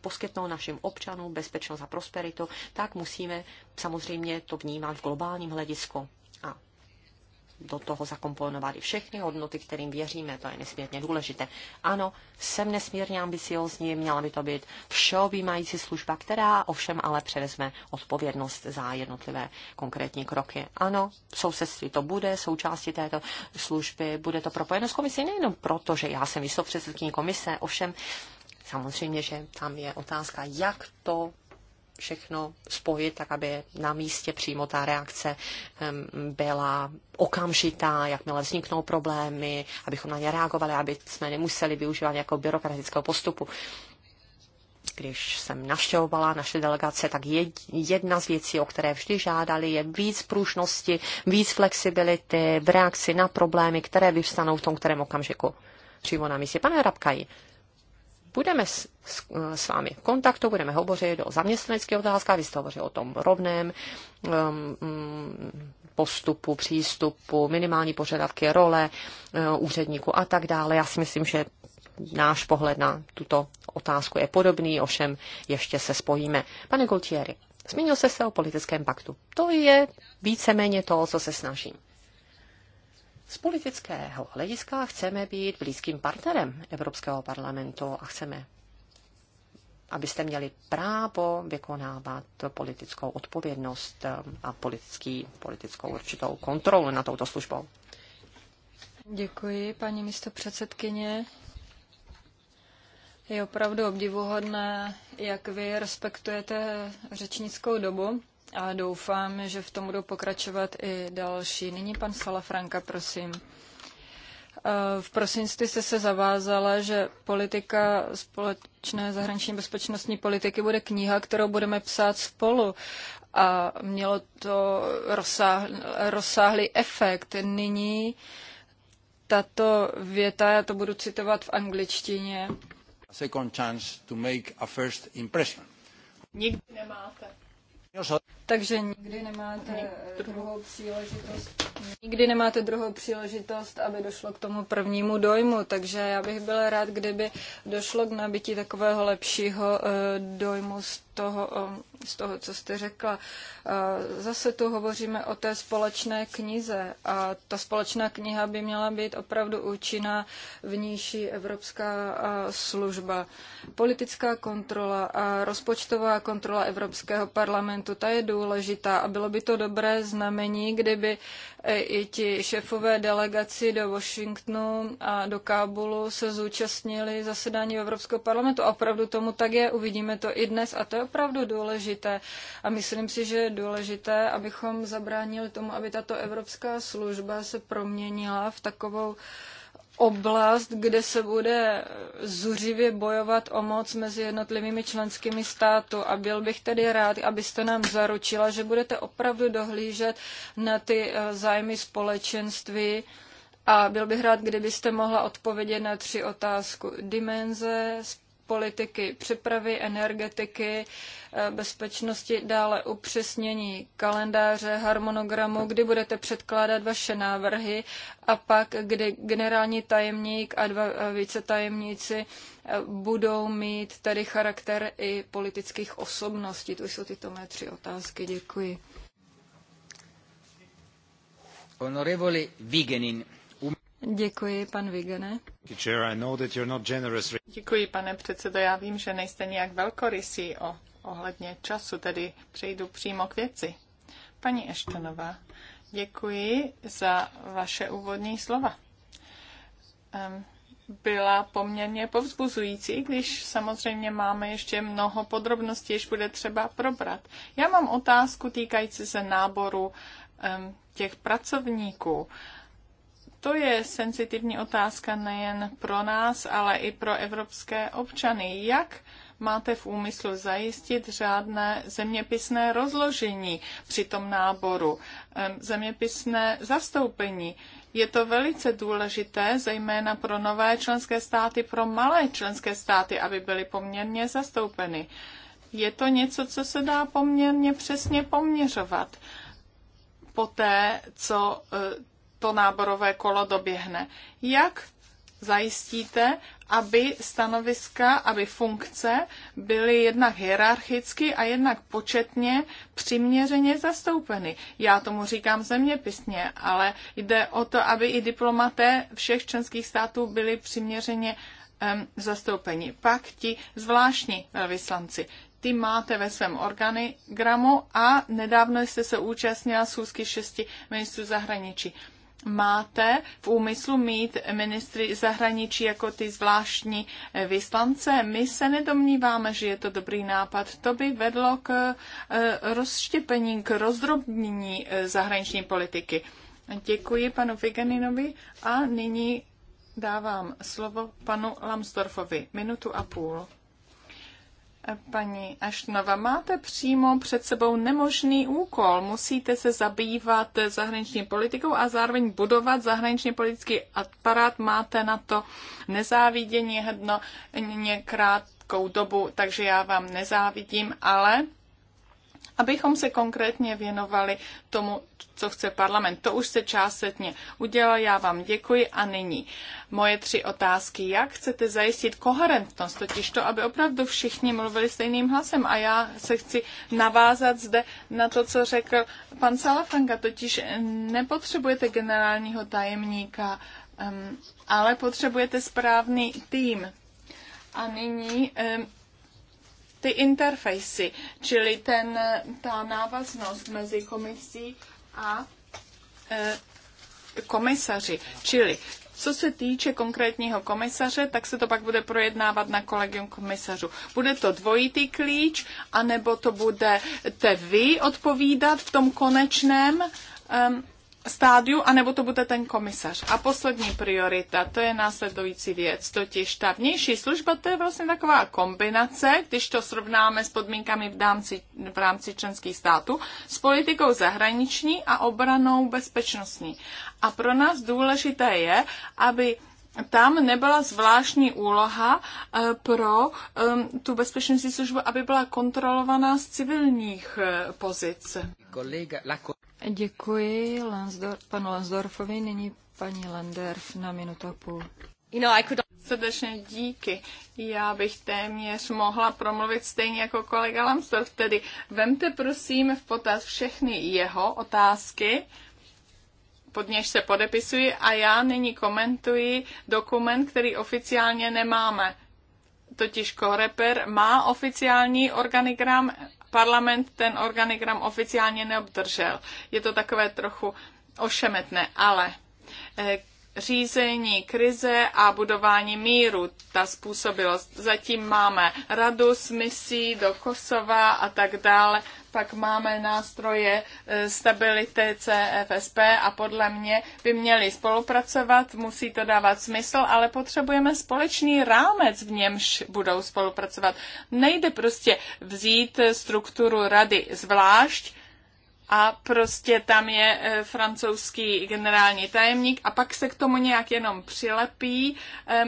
S3: poskytnout našim občanům bezpečnost a prosperitu, tak musíme samozřejmě to vnímat v globálním hledisku a do toho zakomponovat i všechny hodnoty, kterým věříme, to je nesmírně důležité. Ano, jsem nesmírně ambiciozní, měla by to být všeobjímající služba, která ovšem ale převezme odpovědnost za jednotlivé konkrétní kroky. Ano, sousedství to bude, součástí této služby, bude to propojeno s komisí nejenom proto, že já jsem místo předsedkyní komise, ovšem Samozřejmě, že tam je otázka, jak to všechno spojit, tak aby na místě přímo ta reakce byla okamžitá, jakmile vzniknou problémy, abychom na ně reagovali, aby jsme nemuseli využívat nějakou byrokratického postupu. Když jsem naštěvovala naše delegace, tak jedna z věcí, o které vždy žádali, je víc pružnosti, víc flexibility v reakci na problémy, které vyvstanou v tom kterém okamžiku přímo na místě. Pane Rabkaj, budeme s, s, s vámi v kontaktu, budeme hovořit o zaměstnaneckých otázkách, vy jste hovořili o tom rovném um, mm, postupu, přístupu, minimální požadavky, role uh, úředníku a tak dále. Já si myslím, že náš pohled na tuto otázku je podobný, ovšem ještě se spojíme. Pane Gultieri, zmínil jste se o politickém paktu. To je víceméně to, co se snažím. Z politického hlediska chceme být blízkým partnerem Evropského parlamentu a chceme, abyste měli právo vykonávat politickou odpovědnost eh, a politický, politickou určitou kontrolu na touto službou.
S2: Děkuji, paní místo předsedkyně. Je opravdu obdivuhodné, jak vy respektujete řečnickou dobu a doufám, že v tom budou pokračovat i další. Nyní pan Salafranka, prosím. Eh, v prosinci jste se zavázala, že politika společné zahraniční bezpečnostní politiky bude kniha, kterou budeme psát spolu. A mělo to rozsáhlý efekt. Nyní tato věta, já to budu citovat v angličtině.
S1: Second chance to make a first impression. Nikdy
S4: nemáte.
S2: Takže nikdy nemáte eh, druhou příležitost, nikdy nemáte druhou příležitost, aby došlo k tomu prvnímu dojmu, takže já bych byl rád, kdyby došlo k nabití takového lepšího eh, dojmu z toho, um, z toho, co jste řekla. Uh, zase tu hovoříme o té společné knize a ta společná kniha by měla být opravdu účinná vnější evropská uh, služba. Politická kontrola a rozpočtová kontrola Evropského parlamentu, ta je důležitá a bylo by to dobré znamení, kdyby i ti šéfové delegaci do Washingtonu a do Kábulu se zúčastnili zasedání Evropského parlamentu. A opravdu tomu tak je, uvidíme to i dnes a to je opravdu důležité. A myslím si, že je důležité, abychom zabránili tomu, aby tato evropská služba se proměnila v takovou uh, oblast, kde se bude zuřivě bojovat o moc mezi jednotlivými členskými státy. A byl bych tedy rád, abyste nám zaručila, že budete opravdu dohlížet na ty eh, zájmy společenství. A byl bych rád, kdybyste mohla odpovědět na tři otázku. Dimenze, politiky přepravy, energetiky, eh, bezpečnosti, dále upřesnění kalendáře, harmonogramu, kdy budete předkládat vaše návrhy a pak, kdy generální tajemník a dva eh, vicetajemníci eh, budou mít tady charakter i politických osobností. To jsou tyto mé tři otázky. Děkuji.
S1: Honorevole Vigenin.
S4: Děkuji, pan Vigene. Děkuji, pane předsedo. Já vím, že nejste nějak velkorysý o, ohledně času, tedy přejdu přímo k věci. Paní Eštonová, děkuji za vaše úvodní slova. byla poměrně povzbuzující, když samozřejmě máme ještě mnoho podrobností, jež bude třeba probrat. Já mám otázku týkající se náboru těch pracovníků. To je senzitivní otázka nejen pro nás, ale i pro evropské občany. Jak máte v úmyslu zajistit řádné zeměpisné rozložení při tom náboru, zeměpisné zastoupení? Je to velice důležité, zejména pro nové členské státy, pro malé členské státy, aby byly poměrně zastoupeny. Je to něco, co se dá poměrně přesně poměřovat poté, co e, to náborové kolo doběhne. Jak zajistíte, aby stanoviska, aby funkce byly jednak hierarchicky a jednak početně přiměřeně zastoupeny. Já tomu říkám zeměpisně, ale jde o to, aby i diplomaté všech členských států byli přiměřeně um, zastoupeni. Pak ti zvláštní velvyslanci ty máte ve svém organigramu a nedávno jste se účastnila schůzky šesti ministrů zahraničí máte v úmyslu mít ministry zahraničí jako ty zvláštní eh, vyslance. My se nedomníváme, že je to dobrý nápad. To by vedlo k eh, rozštěpení, k rozdrobnění eh, zahraniční politiky. Děkuji panu Figeninovi a nyní dávám slovo panu Lamstorfovi. Minutu a půl. Paní Ašnova, máte přímo před sebou nemožný úkol. Musíte se zabývat zahraniční politikou a zároveň budovat zahraničně politický aparát. Máte na to nezávidění hodno někrát dobu, takže já vám nezávidím, ale abychom se konkrétně věnovali tomu, co chce parlament. To už se částečně udělal, já vám děkuji a nyní moje tři otázky. Jak chcete zajistit koherentnost, totiž to, aby opravdu všichni mluvili stejným hlasem a já se chci navázat zde na to, co řekl pan Salafanga, totiž nepotřebujete generálního tajemníka, ale potřebujete správný tým. A nyní ty interfejsy, čili ten, ta návaznost mezi komisí a e, komisaři. Čili co se týče konkrétního komisaře, tak se to pak bude projednávat na kolegium komisařů. Bude to dvojitý klíč, anebo to budete vy odpovídat v tom konečném um, stádiu, anebo to bude ten komisař. A poslední priorita, to je následující věc, totiž ta vnější služba, to je vlastně taková kombinace, když to srovnáme s podmínkami v dámci, v rámci členských států, s politikou zahraniční a obranou bezpečnostní. A pro nás důležité je, aby tam nebyla zvláštní úloha eh, pro ehm, tu bezpečnostní službu, aby byla kontrolovaná z civilních eh, pozic.
S2: Děkuji Lansdor, panu Lansdorfovi, nyní paní Landerf na minutu a půl.
S4: You know, I could... Srdečně díky. Já bych téměř mohla promluvit stejně jako kolega Lambsdorff, tedy vemte prosím v potaz všechny jeho otázky, pod něž se podepisuji a já nyní komentuji dokument, který oficiálně nemáme. Totiž Koreper má oficiální organigram parlament ten organigram oficiálně neobdržel. Je to takové trochu ošemetné, ale eh, řízení krize a budování míru, ta způsobilost. Zatím máme radu s misí do Kosova a tak dále, pak máme nástroje e, stability CFSP a podle mě by měli spolupracovat, musí to dávat smysl, ale potřebujeme společný rámec, v němž budou spolupracovat. Nejde prostě vzít strukturu rady zvlášť, a prostě tam je e, francouzský generální tajemník a pak se k tomu nějak jenom přilepí e,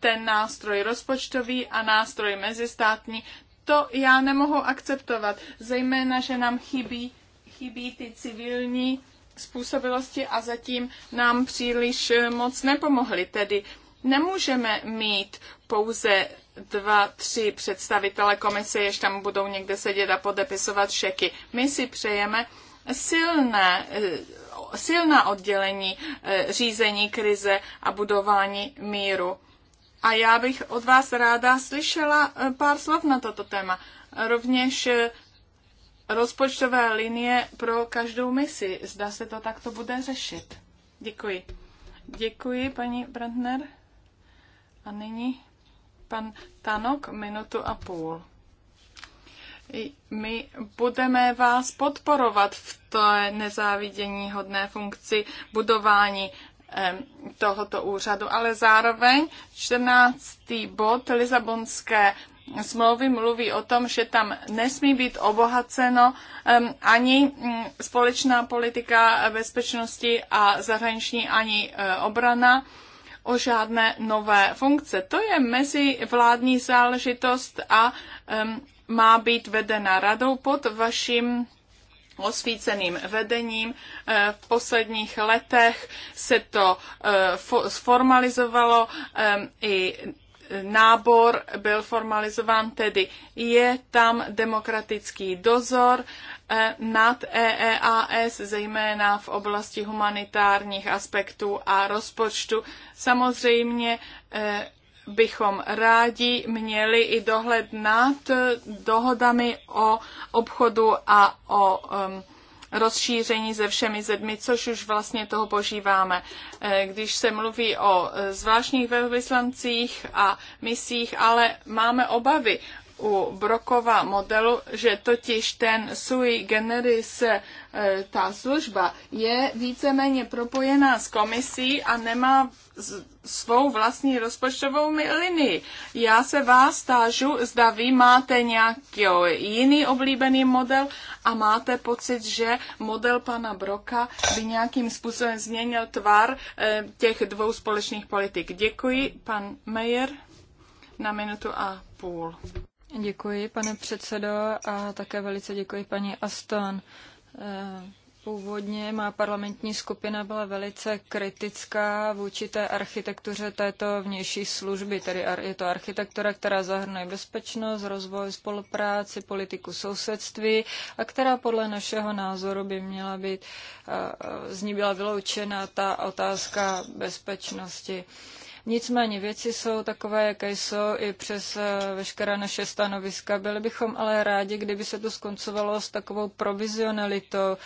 S4: ten nástroj rozpočtový a nástroj mezistátní. To já nemohu akceptovat, zejména, že nám chybí, chybí ty civilní způsobilosti a zatím nám příliš eh, moc nepomohly. Tedy nemůžeme mít pouze dva, tři představitele komise, jež tam budou někde sedět a podepisovat šeky. My si přejeme silné, eh, silná oddělení eh, řízení krize a budování míru. A já bych od vás ráda slyšela eh, pár slov na toto téma. Rovněž rozpočtové linie pro každou misi. Zda se to takto bude řešit. Děkuji. Děkuji, paní Brandner. A nyní Pan Tanok, minutu a půl. My budeme vás podporovat v té nezávidění hodné funkci budování tohoto úřadu, ale zároveň 14. bod Lisabonské smlouvy mluví o tom, že tam nesmí být obohaceno ani mm, společná politika bezpečnosti a zahraniční, ani e, obrana o žádné nové funkce. To je mezivládní záležitost a um, má být vedena radou pod vaším osvíceným vedením. E, v posledních letech se to e, sformalizovalo i nábor byl formalizován, tedy je tam demokratický dozor, E, nad EEAS, zejména v oblasti humanitárních aspektů a rozpočtu. Samozřejmě e, bychom rádi měli i dohled nad dohodami o obchodu a o rozšíření ze všemi zemmi, což už vlastně toho požíváme. E, když se mluví o zvláštních velvyslancích a misích, ale máme obavy u Brokova modelu, že totiž ten sui generis, eh, ta služba, je víceméně propojená s komisí a nemá svou vlastní rozpočtovou linii. Já se vás tážu, zda vy máte nějaký jiný oblíbený model a máte pocit, že model pana Broka by nějakým způsobem změnil tvar eh, těch dvou společných politik. Děkuji, pan Mayer, na
S2: minutu a půl. Děkuji, pane předsedo, a také velice děkuji paní Aston. Eh, původně má parlamentní skupina byla velice kritická vůči té architektuře této vnější služby, tedy je to architektura, která zahrnuje bezpečnost, rozvoj, spolupráci, politiku sousedství a která podle našeho názoru by měla být, eh, z ní byla vyloučena ta otázka bezpečnosti. Nicméně věci jsou takové, jaké jsou i přes eh, veškerá naše stanoviska. Byli bychom ale rádi, kdyby se to skoncovalo s takovou provizionalitou,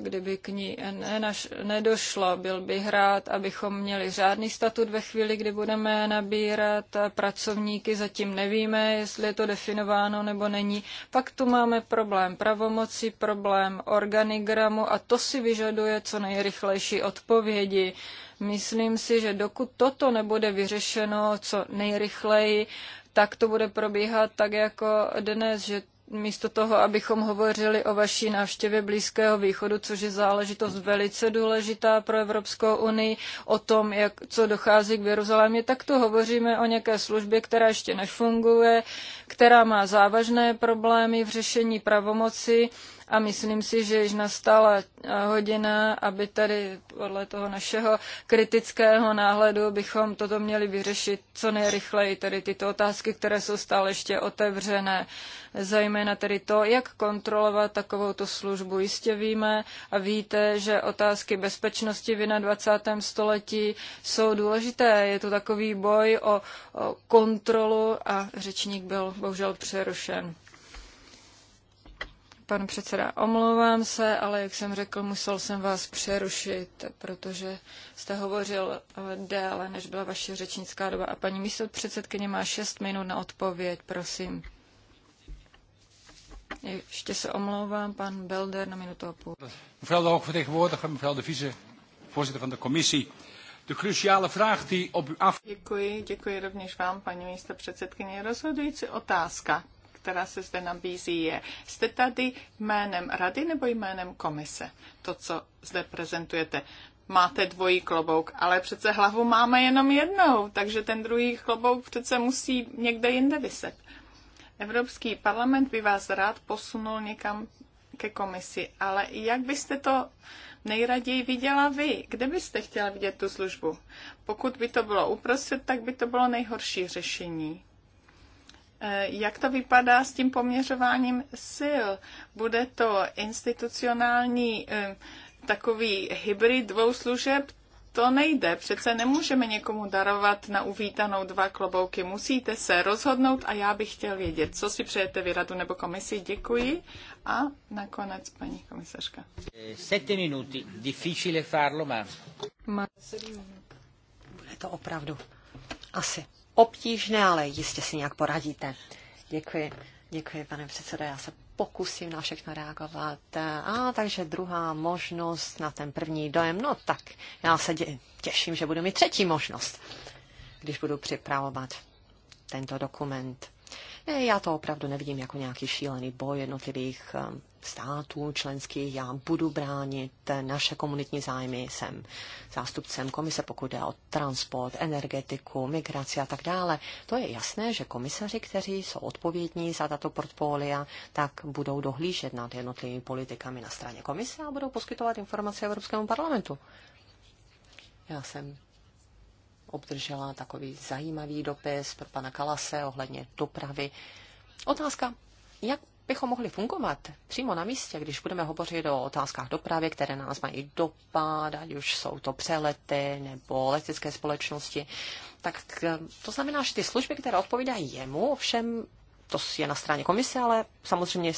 S2: kdyby k ní nenaš, nedošlo. Byl bych rád, abychom měli řádný statut ve chvíli, kdy budeme nabírat pracovníky. Zatím nevíme, jestli je to definováno nebo není. Pak tu máme problém pravomoci, problém organigramu a to si vyžaduje co nejrychlejší odpovědi. Myslím si, že dokud toto nebude vyřešeno co nejrychleji, tak to bude probíhat tak jako dnes, že místo toho, abychom hovořili o vaší návštěvě Blízkého východu, což je záležitost velice důležitá pro Evropskou unii, o tom, jak, co dochází k Jeruzalémě, tak tu hovoříme o nějaké službě, která ještě nefunguje, která má závažné problémy v řešení pravomoci a myslím si, že již nastala eh, hodina, aby tady podle toho našeho kritického náhledu bychom toto měli vyřešit co nejrychleji, tedy tyto otázky, které jsou stále ještě otevřené, zejména tedy to, jak kontrolovat takovouto službu. Jistě víme a víte, že otázky bezpečnosti v 21. století jsou důležité. Je to takový boj o, o kontrolu a řečník byl bohužel přerušen. Pan předseda, omlouvám se, ale jak jsem řekl, musel jsem vás přerušit, protože jste hovořil eh, déle, než byla vaše řečnická doba. A paní místo předsedkyně má 6 minut na odpověď, prosím. Ještě se
S4: omlouvám, pan Belder na minutu a půl.
S1: Mevrouw de hoogvertegenwoordiger, mevrouw de vicevoorzitter van de commissie. De cruciale vraag die op u af...
S4: Děkuji, děkuji rovněž vám, paní místo předsedkyně. Rozhodující otázka, která se zde nabízí, je, jste tady jménem rady nebo jménem komise? To, co zde prezentujete. Máte dvojí klobouk, ale přece hlavu máme jenom jednou, takže ten druhý klobouk přece musí někde jinde vyset. Evropský parlament by vás rád posunul někam ke komisi, ale jak byste to nejraději viděla vy? Kde byste chtěla vidět tu službu? Pokud by to bylo uprostřed, tak by to bylo nejhorší řešení. Eh, jak to vypadá s tím poměřováním sil? Bude to institucionální eh, takový hybrid dvou služeb? To nejde. Přece nemůžeme někomu darovat na uvítanou dva klobouky. Musíte se rozhodnout a já bych chtěl vědět, co si přejete vy radu nebo komisi. Děkuji. A nakonec paní komisařka.
S1: Sete minuty. Difficile farlo, ma...
S3: Má... Bude to opravdu. Asi obtížné, ale jistě si nějak poradíte. Děkuji. Děkuji, pane předsedo. Já se pokusím na všechno reagovat. A takže druhá možnost na ten první dojem. No tak, já se dě- těším, že budu mít třetí možnost, když budu připravovat tento dokument. Eh, já to opravdu nevidím jako nějaký šílený boj jednotlivých eh, států členských. Já budu bránit naše komunitní zájmy. Jsem zástupcem komise, pokud jde o transport, energetiku, migraci a tak dále. To je jasné, že komisaři, kteří jsou odpovědní za tato portfolia, tak budou dohlížet nad jednotlivými politikami na straně komise a budou poskytovat informace Evropskému parlamentu. Já jsem obdržela takový zajímavý dopis pro pana Kalase ohledně dopravy. Otázka, jak bychom mohli fungovat přímo na místě, když budeme hovořit o otázkách dopravy, které nás mají dopad, ať už jsou to přelety nebo letecké společnosti, tak eh, to znamená, že ty služby, které odpovídají jemu, ovšem to je na straně komise, ale samozřejmě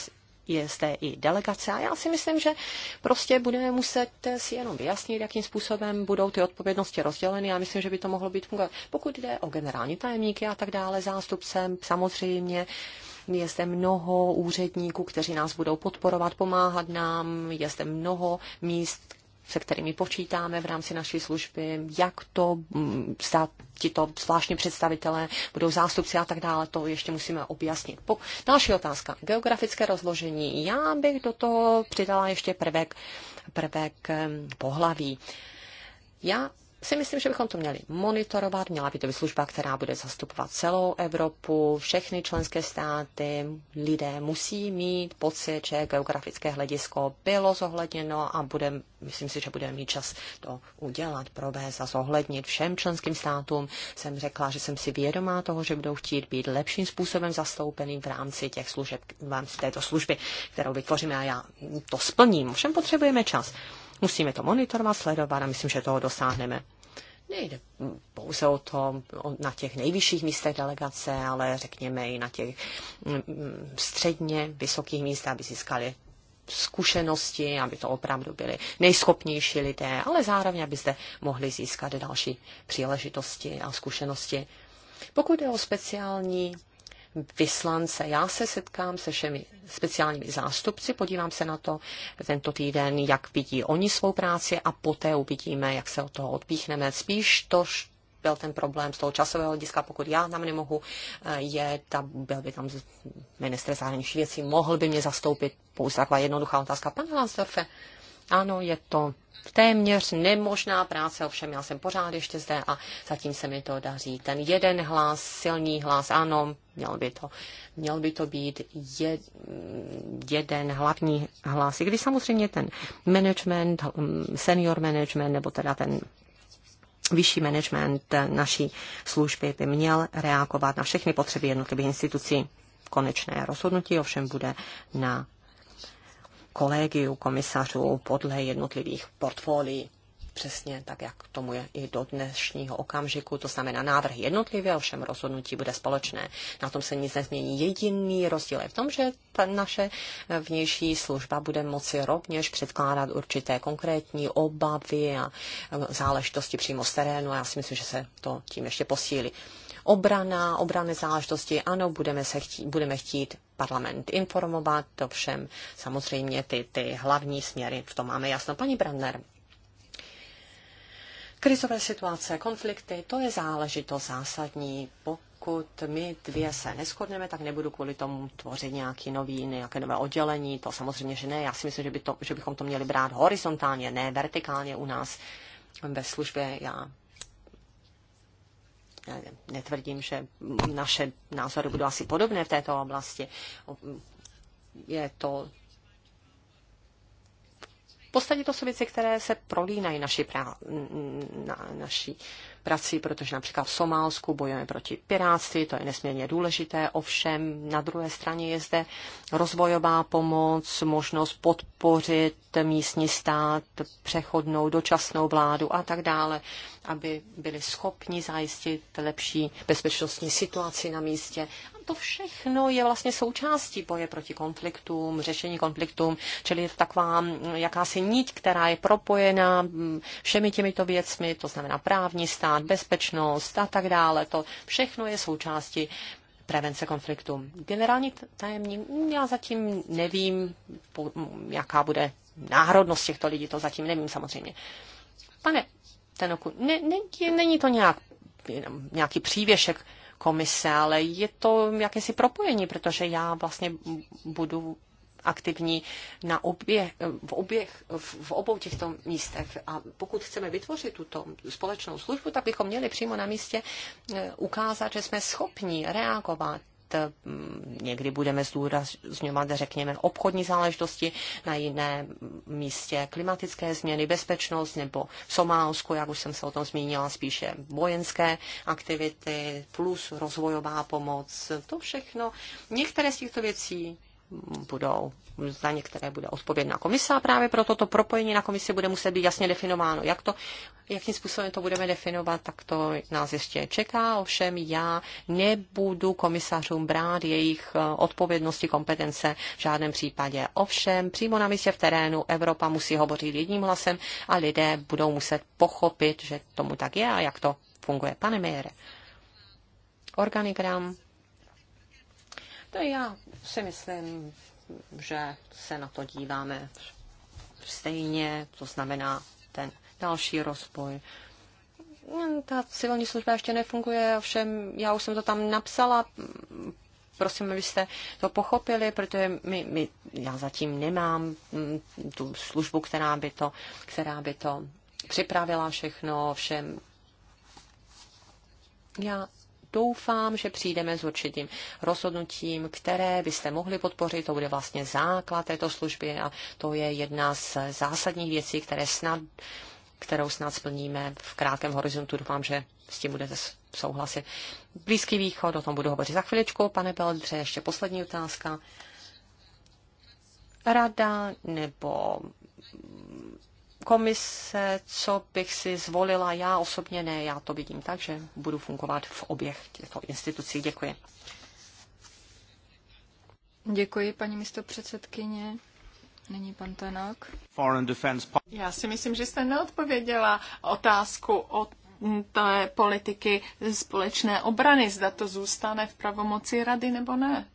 S3: je zde i delegace a já si myslím, že prostě budeme muset si jenom vyjasnit, jakým způsobem budou ty odpovědnosti rozděleny. Já myslím, že by to mohlo být fungovat. Pokud jde o generální tajemníky a tak dále, zástupcem samozřejmě, je zde mnoho úředníků, kteří nás budou podporovat, pomáhat nám, je zde mnoho míst, se kterými počítáme v rámci naší služby, jak to mm, ti to zvláštní představitelé budou zástupci a tak dále, to ještě musíme objasnit. Po, další otázka. Geografické rozložení. Já bych do toho přidala ještě prvek, prvek eh, pohlaví. Já si myslím, že bychom to měli monitorovat. Měla by to být služba, která bude zastupovat celou Evropu, všechny členské státy. Lidé musí mít pocit, že geografické hledisko bylo zohledněno a bude, myslím si, že budeme mít čas to udělat, provést a zohlednit všem členským státům. Jsem řekla, že jsem si vědomá toho, že budou chtít být lepším způsobem zastoupený v rámci těch služeb, v rámci této služby, kterou vytvoříme a já to splním. Všem potřebujeme čas. Musíme to monitorovat, sledovat a myslím, že toho dosáhneme. Nejde pouze o to o, na těch nejvyšších místech delegace, ale řekněme i na těch mm, mm, středně vysokých místech, aby získali zkušenosti, aby to opravdu byli nejschopnější lidé, ale zároveň, aby zde mohli získat další příležitosti a zkušenosti. Pokud je o speciální vyslance. Já se setkám se všemi speciálními zástupci, podívám se na to tento týden, jak vidí oni svou práci a poté uvidíme, jak se od toho odpíchneme. Spíš to, byl ten problém z toho časového hlediska, pokud já tam nemohu eh, je, ta, byl by tam ministr zahraničí. věcí, mohl by mě zastoupit pouze taková jednoduchá otázka. Pane Lansdorfe, ano, je to téměř nemožná práce, ovšem já jsem pořád ještě zde a zatím se mi to daří. Ten jeden hlas, silný hlas, ano, měl by to, měl by to být je, jeden hlavní hlas. I když samozřejmě ten management, hm, senior management, nebo teda ten vyšší management naší služby by měl reagovat na všechny potřeby jednotlivých institucí. Konečné rozhodnutí ovšem bude na kolegiu komisařů podle jednotlivých portfolií. Přesně tak, jak tomu je i do dnešního okamžiku. To znamená návrh jednotlivě, ovšem rozhodnutí bude společné. Na tom se nic nezmění. Jediný rozdíl je v tom, že ta naše vnější služba bude moci rovněž předkládat určité konkrétní obavy a záležitosti přímo z terénu. Já si myslím, že se to tím ještě posílí obrana, obrany záležitosti, ano, budeme, se chtít, budeme chtít parlament informovat, to všem samozřejmě ty, ty hlavní směry, v tom máme jasno. Paní Brandner, krizové situace, konflikty, to je záležitost zásadní, pokud my dvě se neschodneme, tak nebudu kvůli tomu tvořit nějaký nový, nějaké nové oddělení, to samozřejmě, že ne, já si myslím, že, by to, že bychom to měli brát horizontálně, ne vertikálně u nás ve službě, já netvrdím, že naše názory budou asi podobné v této oblasti. Je to v podstatě to jsou věci, které se prolínají naší, prá, na, naší prací, protože například v Somálsku bojujeme proti piráctví, to je nesmírně důležité, ovšem na druhé straně je zde rozvojová pomoc, možnost podpořit místní stát, přechodnou, dočasnou vládu a tak dále, aby byli schopni zajistit lepší bezpečnostní situaci na místě to všechno je vlastně součástí boje proti konfliktům, řešení konfliktům, čili je to taková mm, jakási niť, která je propojena mm, všemi těmito věcmi, to znamená právní stát, bezpečnost a tak dále. To všechno je součástí prevence konfliktu. Generální tajemní, já zatím nevím, mm, jaká bude národnost těchto lidí, to zatím nevím samozřejmě. Pane Tenoku, ne, ne, není to nějak, nějaký přívěšek komise, ale je to jakési propojení, protože já vlastně budu aktivní na obě, v, oběch, v obou těchto místech. A pokud chceme vytvořit tuto společnou službu, tak bychom měli přímo na místě eh, ukázat, že jsme schopni reagovat Mm, někdy budeme zdůrazňovat, řekněme, obchodní záležitosti, na jiné místě klimatické změny, bezpečnost nebo v Somálsku, jak už jsem se o tom zmínila, spíše vojenské aktivity plus rozvojová pomoc. To všechno. Některé z těchto věcí budou, za některé bude odpovědná komise a právě proto to propojení na komisi bude muset být jasně definováno. Jak to, jakým způsobem to budeme definovat, tak to nás ještě čeká. Ovšem já nebudu komisařům brát jejich eh, odpovědnosti, kompetence v žádném případě. Ovšem přímo na místě v terénu Evropa musí hovořit jedním hlasem a lidé budou muset pochopit, že tomu tak je a jak to funguje. Pane Mejere, organigram to já si myslím, že se na to díváme stejně, to znamená ten další rozpoj. Ta civilní služba ještě nefunguje, ovšem já už jsem to tam napsala, prosím, abyste to pochopili, protože my, my, já zatím nemám mm, tu službu, která by to, která by to připravila všechno, všem. Já doufám, že přijdeme s určitým rozhodnutím, které byste mohli podpořit. To bude vlastně základ této služby a to je jedna z zásadních věcí, které snad, kterou snad splníme v krátkém horizontu. Doufám, že s tím budete souhlasit. Blízký východ, o tom budu hovořit za chviličku. Pane Beldře, ještě poslední otázka. Rada nebo komise, co bych si zvolila já osobně, ne, já to vidím tak, že budu fungovat v oběch těchto institucí. Děkuji.
S2: Děkuji, paní místo předsedkyně.
S4: Není pan Tenok. Já si myslím, že jste neodpověděla otázku o té politiky společné obrany, zda to zůstane v pravomoci rady nebo ne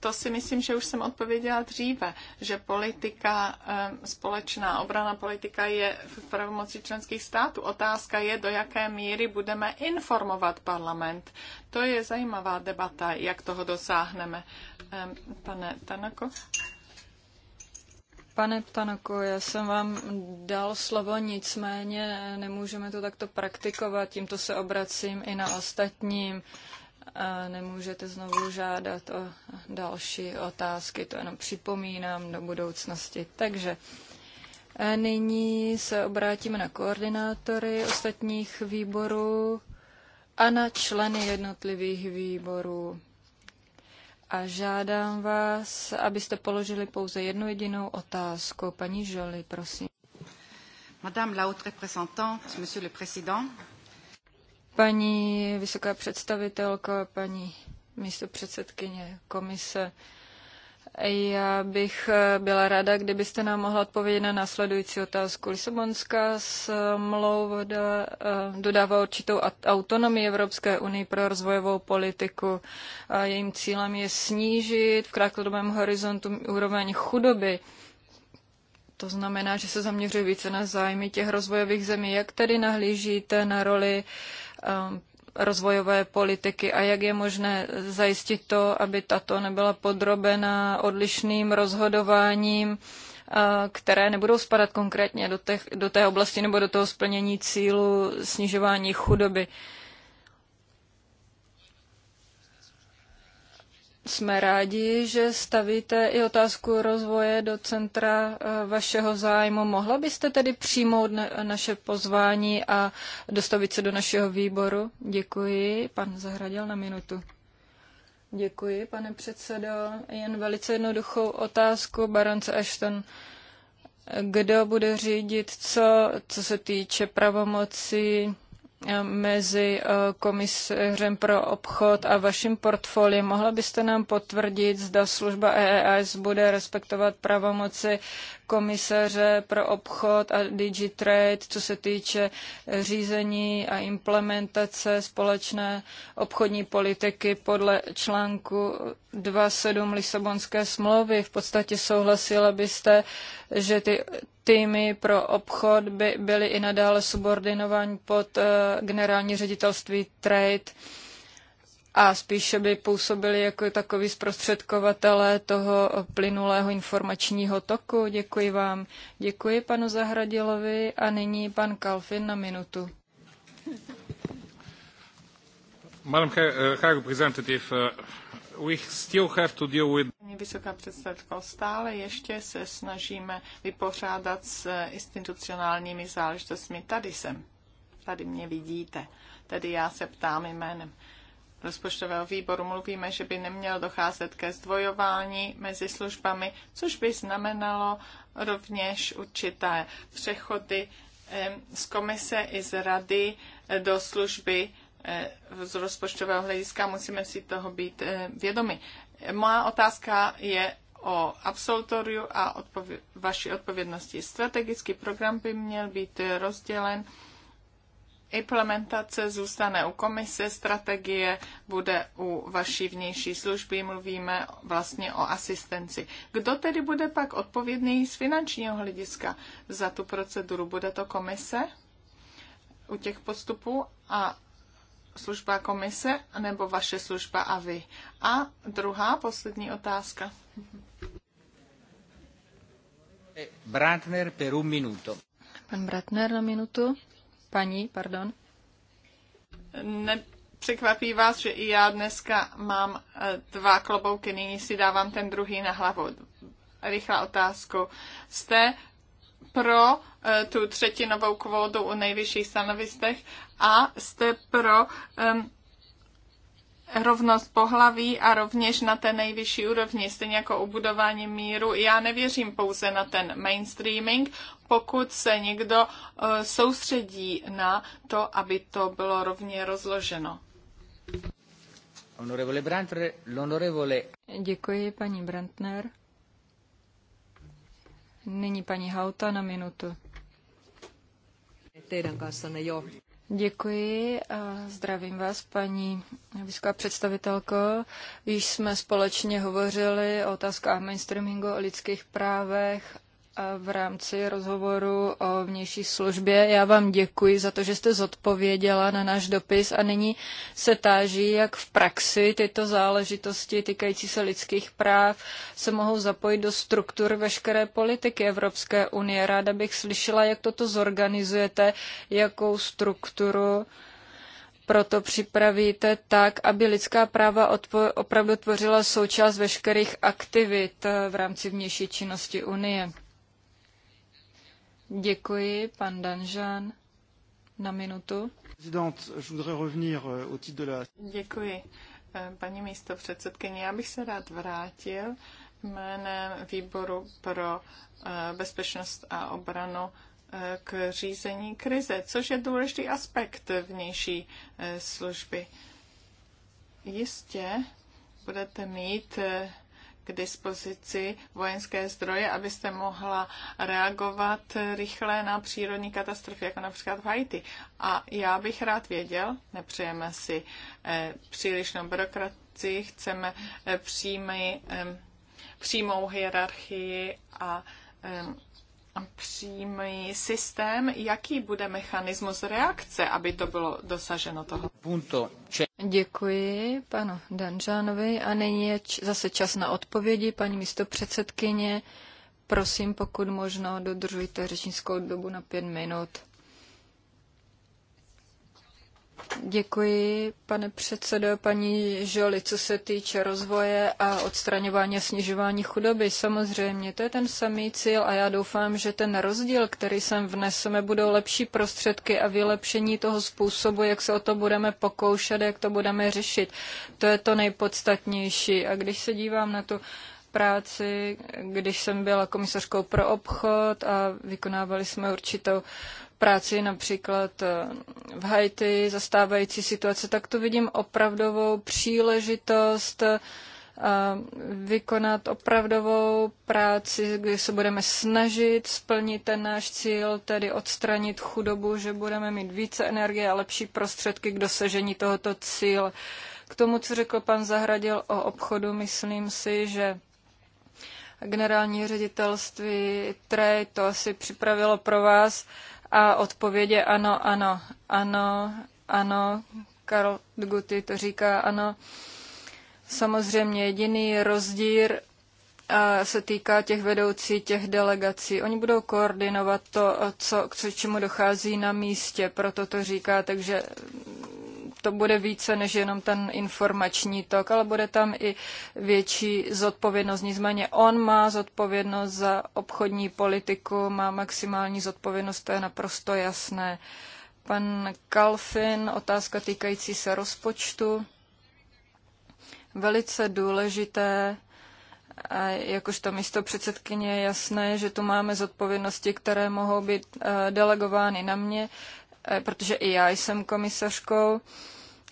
S4: to si myslím, že už jsem odpověděla dříve, že politika, společná obrana politika je v pravomoci členských států. Otázka je, do jaké míry budeme informovat parlament. To je zajímavá debata, jak toho dosáhneme. Pane Tanako?
S2: Pane Tanoko, já jsem vám dal slovo, nicméně nemůžeme to takto praktikovat. Tímto se obracím i na ostatním a nemůžete znovu žádat o další otázky, to jenom připomínám do budoucnosti. Takže nyní se obrátíme na koordinátory ostatních výborů a na členy jednotlivých výborů. A žádám vás, abyste položili pouze jednu jedinou otázku. Paní Žoli, prosím. Madame la haute représentante, monsieur le président, Paní vysoká představitelko, paní místopředsedkyně komise, já bych eh, byla ráda, kdybyste nám mohla odpovědět na následující otázku. Lisabonská smlouva eh, dodává určitou autonomii Evropské unii pro rozvojovou politiku. A jejím cílem je snížit v krátkodobém horizontu úroveň chudoby. To znamená, že se zaměřuje více na zájmy těch rozvojových zemí. Jak tedy nahlížíte na roli Um, rozvojové politiky a jak je možné zajistit to, aby tato nebyla podrobena odlišným rozhodováním, uh, které nebudou spadat konkrétně do, těch, do té oblasti nebo do toho splnění cílu snižování chudoby. jsme rádi, že stavíte i otázku rozvoje do centra eh, vašeho zájmu. Mohla byste tedy přijmout naše pozvání a dostavit se do našeho výboru? Děkuji. Pan Zahradil na minutu. Děkuji, pane předsedo. Jen velice jednoduchou otázku, baronce Ashton. Kdo bude řídit co, co se týče pravomocí mezi eh, komisařem pro obchod a vaším portfoliem. Mohla byste nám potvrdit, zda služba EES bude respektovat pravomoci komisaře pro obchod a Digitrade, co se týče řízení a implementace společné obchodní politiky podle článku 2.7 Lisabonské smlouvy. V podstatě souhlasila byste, že ty týmy pro obchod by byly i nadále subordinovány pod eh, generální ředitelství trade a spíše by působili jako takový zprostředkovatelé toho plynulého informačního toku. Děkuji vám. Děkuji panu Zahradilovi a nyní pan Kalfin
S4: na minutu.
S1: Madam High eh, Representative, uh we still have to deal with...
S4: Vysoká představitelko, stále ještě se snažíme vypořádat s institucionálními záležitostmi. Tady jsem, tady mě vidíte, tedy já se ptám jménem rozpočtového výboru mluvíme, že by neměl docházet ke zdvojování mezi službami, což by znamenalo rovněž určité přechody z komise i z rady eh, do služby E, z rozpočtového hlediska, musíme si toho být e, vědomi. Má otázka je o absolutoriu a odpově- vaší odpovědnosti. Strategický program by měl být rozdělen. Implementace zůstane u komise, strategie bude u vaší vnější služby, mluvíme vlastně o asistenci. Kdo tedy bude pak odpovědný z finančního hlediska za tu proceduru? Bude to komise u těch postupů a služba komise nebo vaše služba a vy? A druhá, poslední otázka.
S1: Bratner per un minuto.
S4: Pan Bratner na minutu.
S2: Paní, pardon.
S4: Ne, překvapí vás, že i já dneska mám eh, dva klobouky, nyní si dávám ten druhý na hlavu. Rychlá otázku. Jste pro eh, tu třetinovou kvódu u nejvyšších stanovistech a jste pro um, rovnost pohlaví a rovněž na té nejvyšší úrovni, stejně jako o budování míru. Já nevěřím pouze na ten mainstreaming, pokud se někdo uh, soustředí na to, aby to bylo rovně
S1: rozloženo.
S2: Děkuji, paní Brandner. Nyní paní Hauta na minutu. Děkuji a zdravím vás, paní vysoká představitelko. Již jsme společně hovořili o otázkách mainstreamingu, o lidských právech v rámci rozhovoru o vnější službě. Já vám děkuji za to, že jste zodpověděla na náš dopis a nyní se táží, jak v praxi tyto záležitosti týkající se lidských práv se mohou zapojit do struktur veškeré politiky Evropské unie. Ráda bych slyšela, jak toto zorganizujete, jakou strukturu proto připravíte tak, aby lidská práva odpo- opravdu tvořila součást veškerých aktivit v rámci vnější činnosti Unie. Děkuji, pan Danžan,
S4: na minutu. Eh, Děkuji, eh, paní místo předsedkyně. Já bych se rád vrátil jménem výboru pro eh, bezpečnost a obranu k řízení krize, což je důležitý aspekt vnější služby. Jistě budete mít dispozici vojenské zdroje, abyste mohla reagovat rychle na přírodní katastrofy, jako například v Haiti. A já bych rád věděl, nepřejeme si eh, přílišnou byrokracii, chceme eh, přímý, eh, přímou hierarchii a eh, přímý systém, jaký bude mechanismus reakce, aby to bylo dosaženo toho.
S2: Děkuji panu Danžánovi a nyní je zase čas na odpovědi. Paní místo předsedkyně, prosím, pokud možno dodržujte řečnickou dobu na pět minut. Děkuji, pane předsedo, paní Žoli, co se týče rozvoje a odstraňování a snižování chudoby. Samozřejmě, to je ten samý cíl a já doufám, že ten rozdíl, který sem vneseme, budou lepší prostředky a vylepšení toho způsobu, jak se o to budeme pokoušet, jak to budeme řešit. To je to nejpodstatnější. A když se dívám na tu práci, když jsem byla komisařkou pro obchod a vykonávali jsme určitou práci například eh, v Haiti, zastávající situace, tak tu vidím opravdovou příležitost eh, vykonat opravdovou práci, kdy se budeme snažit splnit ten náš cíl, tedy odstranit chudobu, že budeme mít více energie a lepší prostředky k dosažení tohoto cíle. K tomu, co řekl pan Zahradil o obchodu, myslím si, že generální ředitelství TRE to asi připravilo pro vás a odpovědě ano, ano, ano, ano. Karl Guty to říká ano. Samozřejmě jediný rozdíl se týká těch vedoucí těch delegací. Oni budou koordinovat to, co, k čemu dochází na místě, proto to říká, takže to bude více než jenom ten informační tok, ale bude tam i větší zodpovědnost. Nicméně on má zodpovědnost za obchodní politiku, má maximální zodpovědnost, to je naprosto jasné. Pan Kalfin, otázka týkající se rozpočtu. Velice důležité a jakožto místo předsedkyně je jasné, že tu máme zodpovědnosti, které mohou být eh, delegovány na mě. Eh, protože i já jsem komisařkou,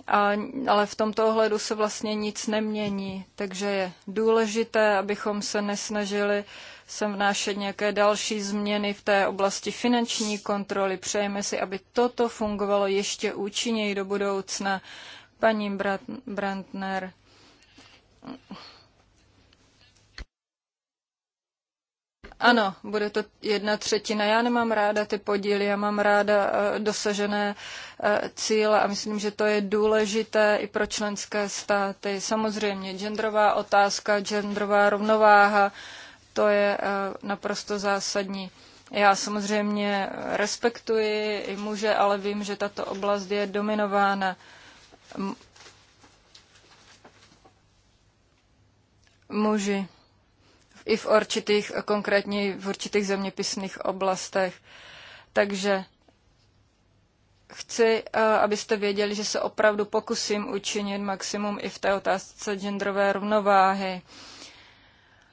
S2: a, ale v tomto ohledu se vlastně nic nemění, takže je důležité, abychom se nesnažili sem vnášet nějaké další změny v té oblasti finanční kontroly. Přejeme si, aby toto fungovalo ještě účinněji do budoucna. Paní Brandner. Ano, bude to jedna třetina. Já nemám ráda ty podíly, já mám ráda eh, dosažené eh, cíle a myslím, že to je důležité i pro členské státy. Samozřejmě, genderová otázka, genderová rovnováha, to je eh, naprosto zásadní. Já samozřejmě respektuji i muže, ale vím, že tato oblast je dominována muži i v určitých, konkrétně v určitých zeměpisných oblastech. Takže chci, eh, abyste věděli, že se opravdu pokusím učinit maximum i v té otázce genderové rovnováhy.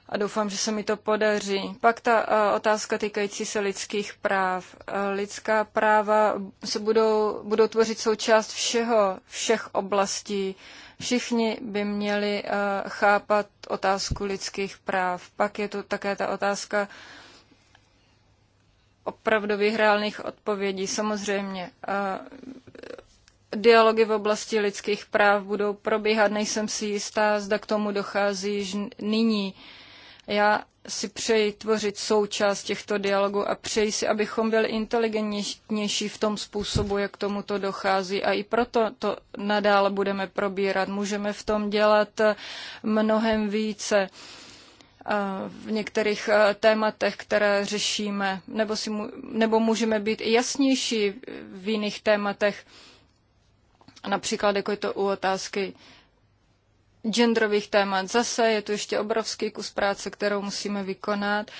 S2: A doufám, že se mi to podaří. Pak ta eh, otázka týkající se lidských práv. Eh, lidská práva se budou, budou tvořit součást všeho, všech oblastí Všichni by měli eh, chápat otázku lidských práv. Pak je tu také ta otázka opravdových reálných odpovědí. Samozřejmě eh, dialogy v oblasti lidských práv budou probíhat, nejsem si jistá, zda k tomu dochází již nyní. Já si přeji tvořit součást těchto dialogů a přeji si, abychom byli inteligentnější v tom způsobu, jak tomuto dochází. A i proto to nadále budeme probírat. Můžeme v tom dělat eh, mnohem více eh, v některých eh, tématech, které řešíme, nebo, si, nebo můžeme být i jasnější v jiných tématech, například jako je to u otázky genderových témat. Zase je tu ještě obrovský kus práce, kterou musíme vykonat.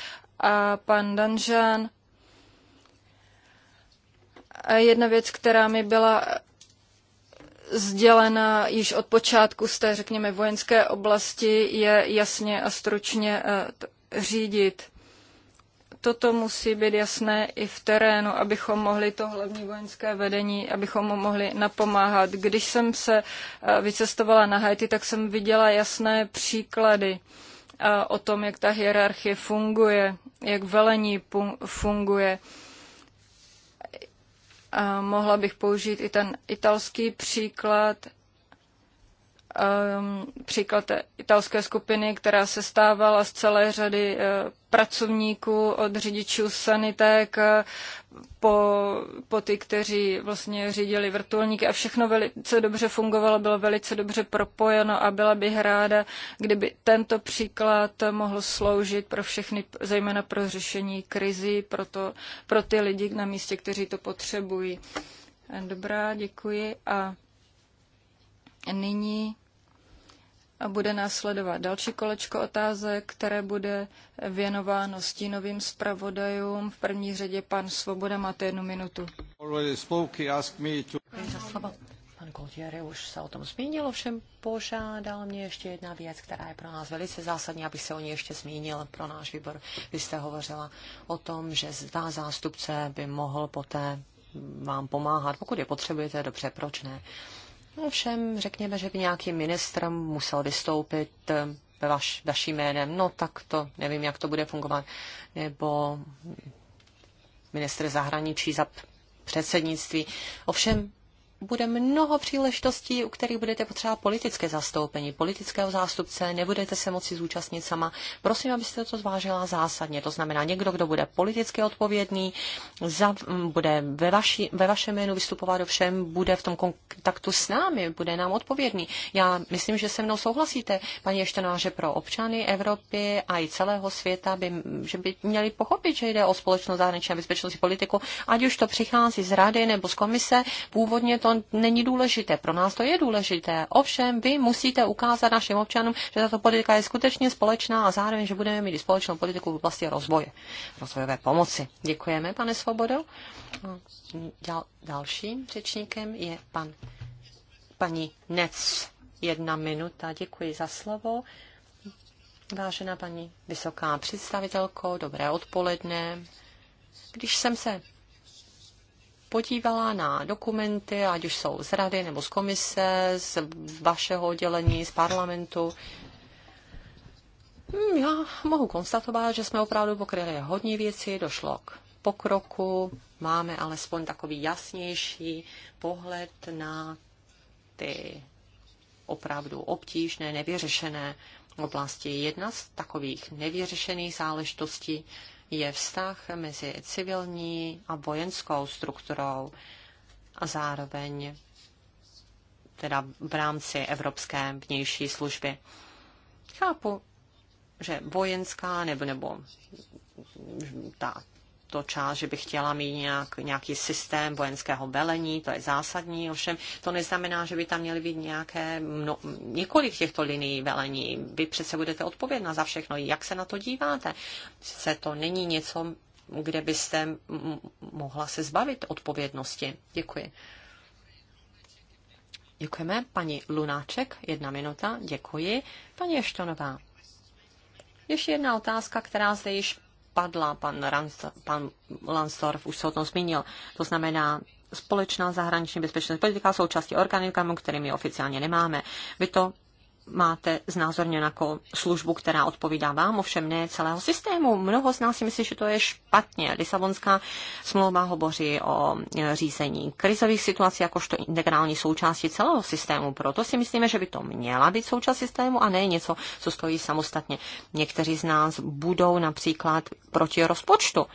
S2: A pan Danžan, jedna věc, která mi byla sdělena již od počátku z té, řekněme, vojenské oblasti, je jasně a stručně eh, řídit toto musí být jasné i v terénu, abychom mohli to hlavní vojenské vedení, abychom mu mohli napomáhat. Když jsem se eh, vycestovala na Haiti, tak jsem viděla jasné příklady eh, o tom, jak ta hierarchie funguje, jak velení funguje. A mohla bych použít i ten italský příklad, um, příklad italské skupiny, která se stávala z celé řady uh, pracovníků, od řidičů sanitek uh, po, po ty, kteří vlastně řídili vrtulníky a všechno velice dobře fungovalo, bylo velice dobře propojeno a byla bych ráda, kdyby tento příklad mohl sloužit pro všechny, zejména pro řešení krizi, pro, to, pro ty lidi na místě, kteří to potřebují. Dobrá, děkuji a nyní a bude následovat další kolečko otázek, které bude věnováno stínovým zpravodajům. V první řadě pan Svoboda, máte jednu minutu.
S3: Pan Goldiere už se o tom zmínil, ovšem požádal mě ještě jedna věc, která je pro nás velice zásadní, abych se o ní ještě zmínil pro náš výbor. Vy jste hovořila o tom, že zda zástupce by mohl poté vám pomáhat, pokud je potřebujete, dobře, proč ne? Ovšem, řekněme, že by nějaký ministr musel vystoupit eh, ve vaš, vaším jménem. No tak to nevím, jak to bude fungovat. Nebo ministr zahraničí za předsednictví. Ovšem, bude mnoho příležitostí, u kterých budete potřebovat politické zastoupení, politického zástupce, nebudete se moci zúčastnit sama. Prosím, abyste to zvážila zásadně. To znamená někdo, kdo bude politicky odpovědný, za, bude ve, vaši, ve vašem jménu vystupovat do všem, bude v tom kontaktu s námi, bude nám odpovědný. Já myslím, že se mnou souhlasíte, paní Ještená, že pro občany Evropy a i celého světa by, že by měli pochopit, že jde o společnou zahraniční a bezpečnostní politiku, ať už to přichází z rady nebo z komise, původně to není důležité. Pro nás to je důležité. Ovšem, vy musíte ukázat našim občanům, že tato politika je skutečně společná a zároveň, že budeme mít společnou politiku v oblasti rozvoje, rozvojové pomoci. Děkujeme, pane Svobodo. Dal, dalším řečníkem je pan, paní Nec. Jedna minuta. Děkuji za slovo. Vážená paní vysoká představitelko, dobré odpoledne. Když jsem se podívala na dokumenty, ať už jsou z rady nebo z komise, z vašeho oddělení, z parlamentu. Hmm, já mohu konstatovat, že jsme opravdu pokryli hodně věcí, došlo k pokroku, máme alespoň takový jasnější pohled na ty opravdu obtížné, nevyřešené oblasti. Jedna z takových nevyřešených záležitostí je vztah mezi civilní a vojenskou strukturou a zároveň teda v rámci Evropské vnější služby. Chápu, že vojenská nebo, nebo ta to část, že bych chtěla mít nějak, nějaký systém vojenského velení, to je zásadní, ovšem to neznamená, že by tam měly být nějaké, mno, několik těchto linií velení. Vy přece budete odpovědná za všechno, jak se na to díváte. Přece to není něco, kde byste mohla se zbavit odpovědnosti. Děkuji. Děkujeme. Paní Lunáček, jedna minuta, děkuji. Paní Ještonová, ještě jedna otázka, která zde již padla, pan, Rans, pan Lansdorf už se o tom zmínil. To znamená, společná zahraniční bezpečnostní politika součástí orgánů, kterými oficiálně nemáme. Vy to máte znázorně jako službu, která odpovídá vám, ovšem ne celého systému. Mnoho z nás si myslí, že to je špatně. Lisabonská smlouva hovoří o e, řízení krizových situací jakožto integrální součástí celého systému. Proto si myslíme, že by to měla být součást systému a ne něco, co stojí samostatně. Někteří z nás budou například proti rozpočtu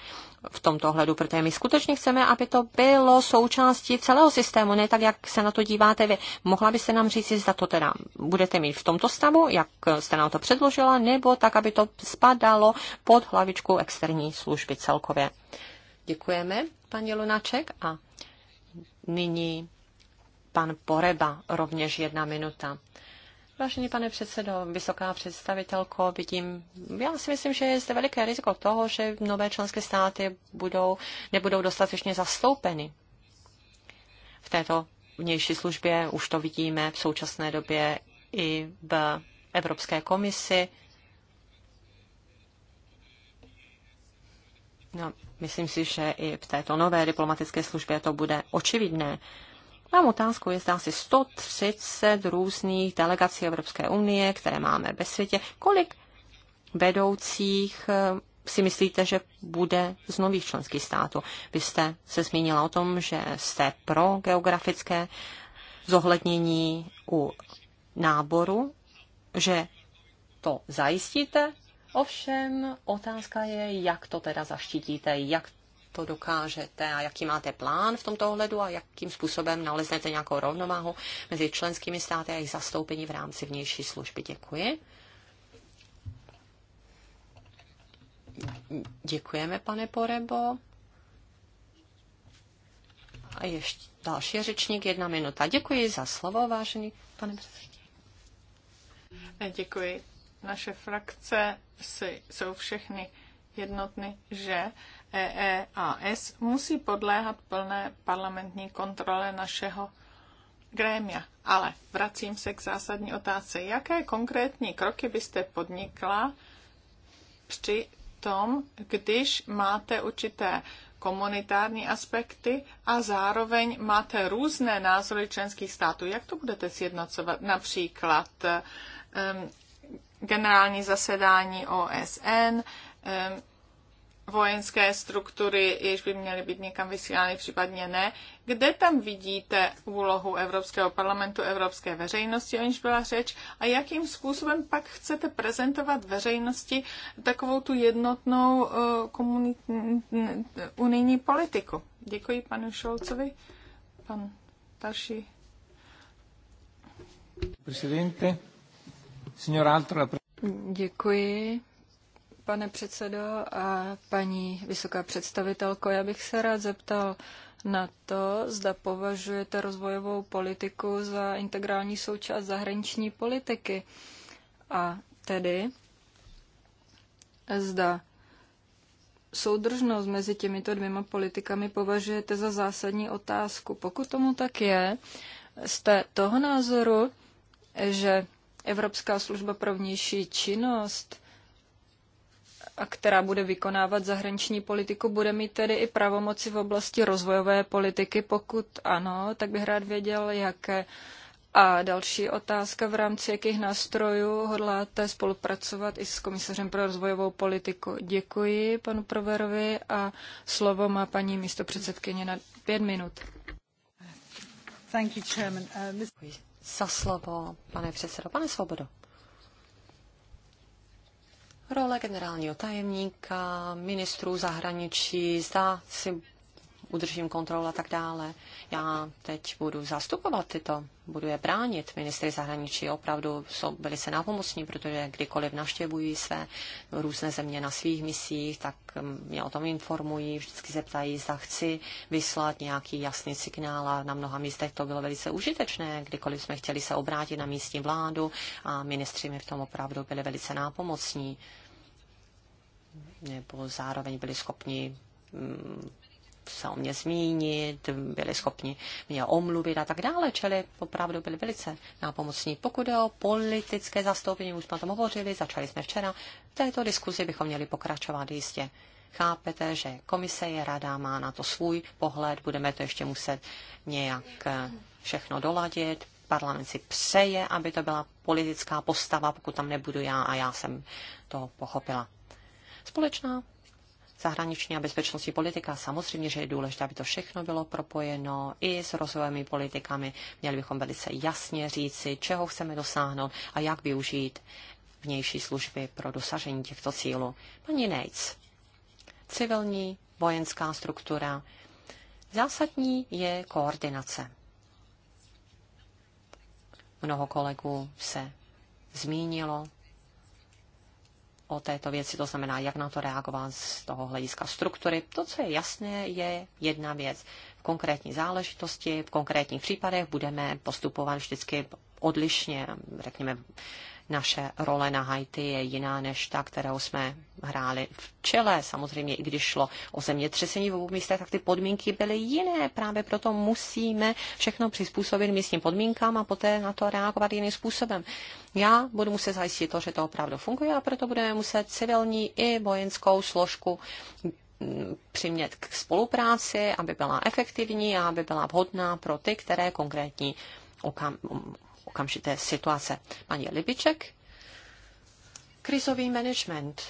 S3: v tomto ohledu, protože my skutečně chceme, aby to bylo součástí celého systému, ne tak, jak se na to díváte vy. Mohla byste nám říct, zda to teda budete mít v tomto stavu, jak jste nám to předložila, nebo tak, aby to spadalo pod hlavičku externí služby celkově. Děkujeme, paní Lunaček, a nyní pan Poreba, rovněž jedna minuta. Vážený pane předsedo, vysoká představitelko, vidím, já si myslím, že je zde veliké riziko toho, že nové členské státy budou, nebudou dostatečně zastoupeny v této vnější službě. Už to vidíme v současné době i v Evropské komisi. No, myslím si, že i v této nové diplomatické službě to bude očividné. Mám otázku, je zda asi 130 různých delegací Evropské unie, které máme ve světě. Kolik vedoucích eh, si myslíte, že bude z nových členských států? Vy jste se zmínila o tom, že jste pro geografické zohlednění u náboru, že to zajistíte, Ovšem otázka je, jak to teda zaštítíte, jak to dokážete a jaký máte plán v tomto ohledu a jakým způsobem naleznete nějakou rovnováhu mezi členskými státy a jejich zastoupení v rámci vnější služby. Děkuji. Děkujeme, pane Porebo. A ještě další řečník, jedna minuta. Děkuji za slovo, vážený pane předsedě.
S4: Děkuji. Naše frakce si, jsou všechny jednotny, že EEAS musí podléhat plné parlamentní kontrole našeho grémia. Ale vracím se k zásadní otázce. Jaké konkrétní kroky byste podnikla při tom, když máte určité komunitární aspekty a zároveň máte různé názory členských států. Jak to budete sjednocovat? Například um, generální zasedání OSN, um, vojenské struktury, jež by měly být někam vysílány, případně ne. Kde tam vidíte úlohu Evropského parlamentu, Evropské veřejnosti, o níž byla řeč, a jakým způsobem pak chcete prezentovat veřejnosti takovou tu jednotnou eh, komunit, eh, unijní politiku? Děkuji panu Šolcovi. Pan další.
S1: Presidente, signor Altra.
S2: Děkuji pane předsedo a paní vysoká představitelko. Já bych se rád zeptal na to, zda považujete rozvojovou politiku za integrální součást zahraniční politiky. A tedy, zda soudržnost mezi těmito dvěma politikami považujete za zásadní otázku. Pokud tomu tak je, jste toho názoru, že Evropská služba pro vnější činnost a která bude vykonávat zahraniční politiku, bude mít tedy i pravomoci v oblasti rozvojové politiky? Pokud ano, tak bych rád věděl, jaké. A další otázka, v rámci jakých nástrojů hodláte spolupracovat i s komisařem pro rozvojovou politiku? Děkuji panu Proverovi a slovo má paní místopředsedkyně na pět minut.
S3: Thank you, chairman. Uh, Za slovo, pane předsedo. Pane Svobodo. Role generálního tajemníka, ministrů zahraničí, zda si udržím kontrolu a tak dále. Já teď budu zastupovat tyto, budu je bránit. Ministry zahraničí opravdu jsou velice nápomocní, protože kdykoliv navštěvují své různé země na svých misích, tak mm, mě o tom informují, vždycky se ptají, zda chci vyslat nějaký jasný signál a na mnoha místech to bylo velice užitečné, kdykoliv jsme chtěli se obrátit na místní vládu a ministři mi v tom opravdu byli velice nápomocní nebo zároveň byli schopni mm, se o mě zmínit, byli schopni mě omluvit a tak dále, čili opravdu byli velice nápomocní. Pokud je o politické zastoupení, už jsme o tom hovořili, začali jsme včera, v této diskuzi bychom měli pokračovat jistě. Chápete, že komise je rada, má na to svůj pohled, budeme to ještě muset nějak eh, všechno doladit, parlament si přeje, aby to byla politická postava, pokud tam nebudu já a já jsem to pochopila. Společná zahraniční a bezpečnostní politika. Samozřejmě, že je důležité, aby to všechno bylo propojeno i s rozvojovými politikami. Měli bychom velice jasně říci, čeho chceme dosáhnout a jak využít vnější služby pro dosažení těchto cílů. Paní Nejc, civilní vojenská struktura. Zásadní je koordinace. Mnoho kolegů se zmínilo o této věci, to znamená, jak na to reagovat z toho hlediska struktury. To, co je jasné, je jedna věc. V konkrétní záležitosti, v konkrétních případech budeme postupovat vždycky odlišně, řekněme, naše role na Haiti je jiná než ta, kterou jsme hráli v čele. Samozřejmě, i když šlo o zemětřesení v obou místech, tak ty podmínky byly jiné. Právě proto musíme všechno přizpůsobit místním podmínkám a poté na to reagovat jiným způsobem. Já budu muset zajistit to, že to opravdu funguje a proto budeme muset civilní i vojenskou složku přimět k spolupráci, aby byla efektivní a aby byla vhodná pro ty, které konkrétní okam- okamžité situace. Paní Libiček, krizový management,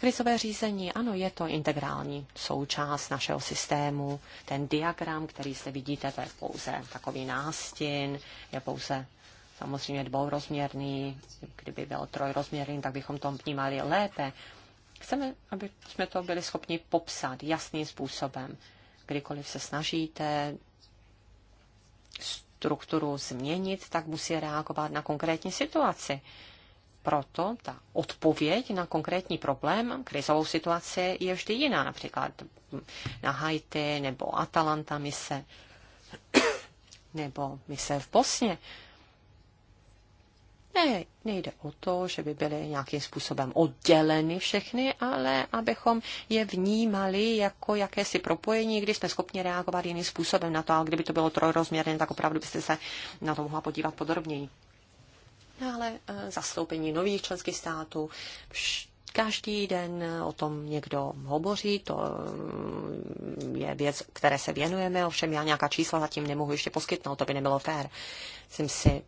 S3: krizové řízení, ano, je to integrální součást našeho systému. Ten diagram, který se vidíte, to je pouze takový nástin, je pouze samozřejmě dvourozměrný, kdyby byl trojrozměrný, tak bychom to vnímali lépe. Chceme, aby jsme to byli schopni popsat jasným způsobem. Kdykoliv se snažíte strukturu změnit, tak musí reagovat na konkrétní situaci. Proto ta odpověď na konkrétní problém, krizovou situaci je vždy jiná, například na Haiti nebo Atalanta mise *coughs* nebo mise v Bosně. Ne, nejde o to, že by byly nějakým způsobem odděleny všechny, ale abychom je vnímali jako jakési propojení, když jsme schopni reagovat jiným způsobem na to, a kdyby to bylo trojrozměrné, tak opravdu byste se na to mohla podívat podrobněji. Dále eh, zastoupení nových členských států, každý den eh, o tom někdo hovoří, to eh, je věc, které se věnujeme, ovšem já nějaká čísla zatím nemohu ještě poskytnout, to by nebylo fér. Jsem si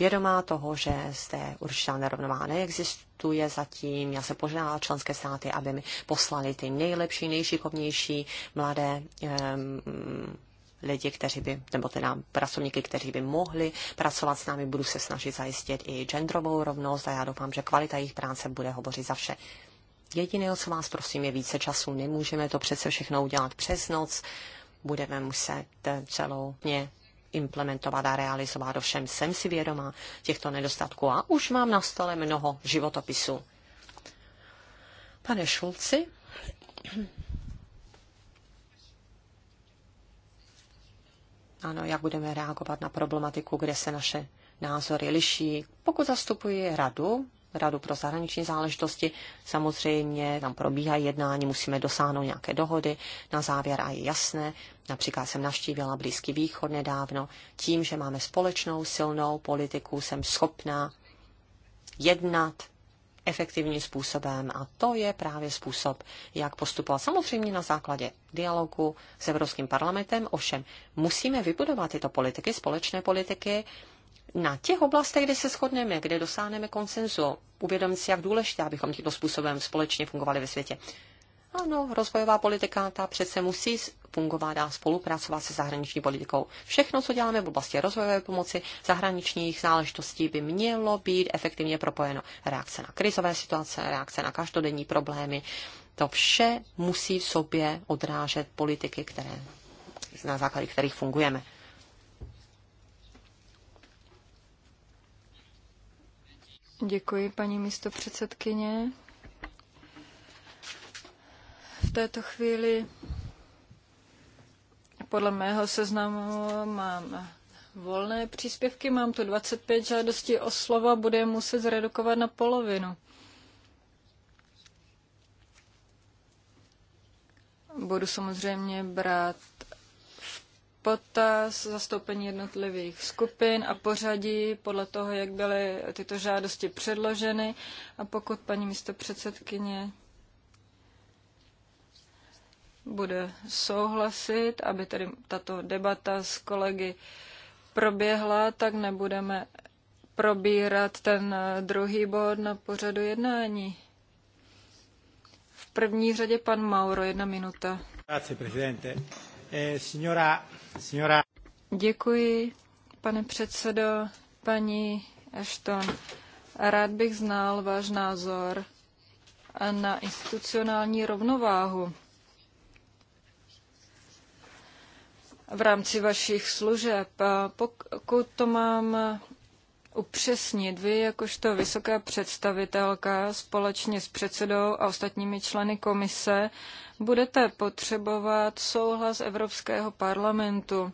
S3: vědomá toho, že zde určitá nerovnováha neexistuje zatím. Já se požádala členské státy, aby mi poslali ty nejlepší, nejšikovnější mladé um, lidi, kteří by, nebo teda pracovníky, kteří by mohli pracovat s námi. Budu se snažit zajistit i genderovou rovnost a já doufám, že kvalita jejich práce bude hovořit za vše. Jediné, co vás prosím, je více času. Nemůžeme to přece všechno udělat přes noc. Budeme muset eh, celou mě implementovat a realizovat. Ovšem jsem si vědoma těchto nedostatků a už mám na stole mnoho životopisů. Pane Šulci, ano, jak budeme reagovat na problematiku, kde se naše názory liší. Pokud zastupuji radu, Radu pro zahraniční záležitosti. Samozřejmě tam probíhají jednání, musíme dosáhnout nějaké dohody. Na závěr a je jasné, Například jsem navštívila Blízký východ nedávno. Tím, že máme společnou silnou politiku, jsem schopná jednat efektivním způsobem a to je právě způsob, jak postupovat. Samozřejmě na základě dialogu s Evropským parlamentem, ovšem musíme vybudovat tyto politiky, společné politiky, na těch oblastech, kde se shodneme, kde dosáhneme konsenzu, uvědomit si, jak důležité, abychom tímto způsobem společně fungovali ve světě. Ano, rozvojová politika ta přece musí fungovat a spolupracovat se zahraniční politikou. Všechno, co děláme v oblasti rozvojové pomoci, zahraničních záležitostí by mělo být efektivně propojeno. Reakce na krizové situace, reakce na každodenní problémy, to vše musí v sobě odrážet politiky, které, na základě kterých fungujeme.
S2: Děkuji, paní místo předsedkyně této chvíli podle mého seznamu mám volné příspěvky, mám tu 25 žádostí o a bude muset zredukovat na polovinu. Budu samozřejmě brát v potaz zastoupení jednotlivých skupin a pořadí podle toho, jak byly tyto žádosti předloženy. A pokud paní místo předsedkyně bude souhlasit, aby tedy tato debata s kolegy proběhla, tak nebudeme probírat ten eh, druhý bod na pořadu jednání. V první řadě pan Mauro, jedna minuta.
S1: Eh,
S2: Děkuji, pane předsedo, paní Ashton. Rád bych znal váš názor na institucionální rovnováhu v rámci vašich služeb. Pokud to mám upřesnit, vy jakožto vysoká představitelka společně s předsedou a ostatními členy komise budete potřebovat souhlas Evropského parlamentu.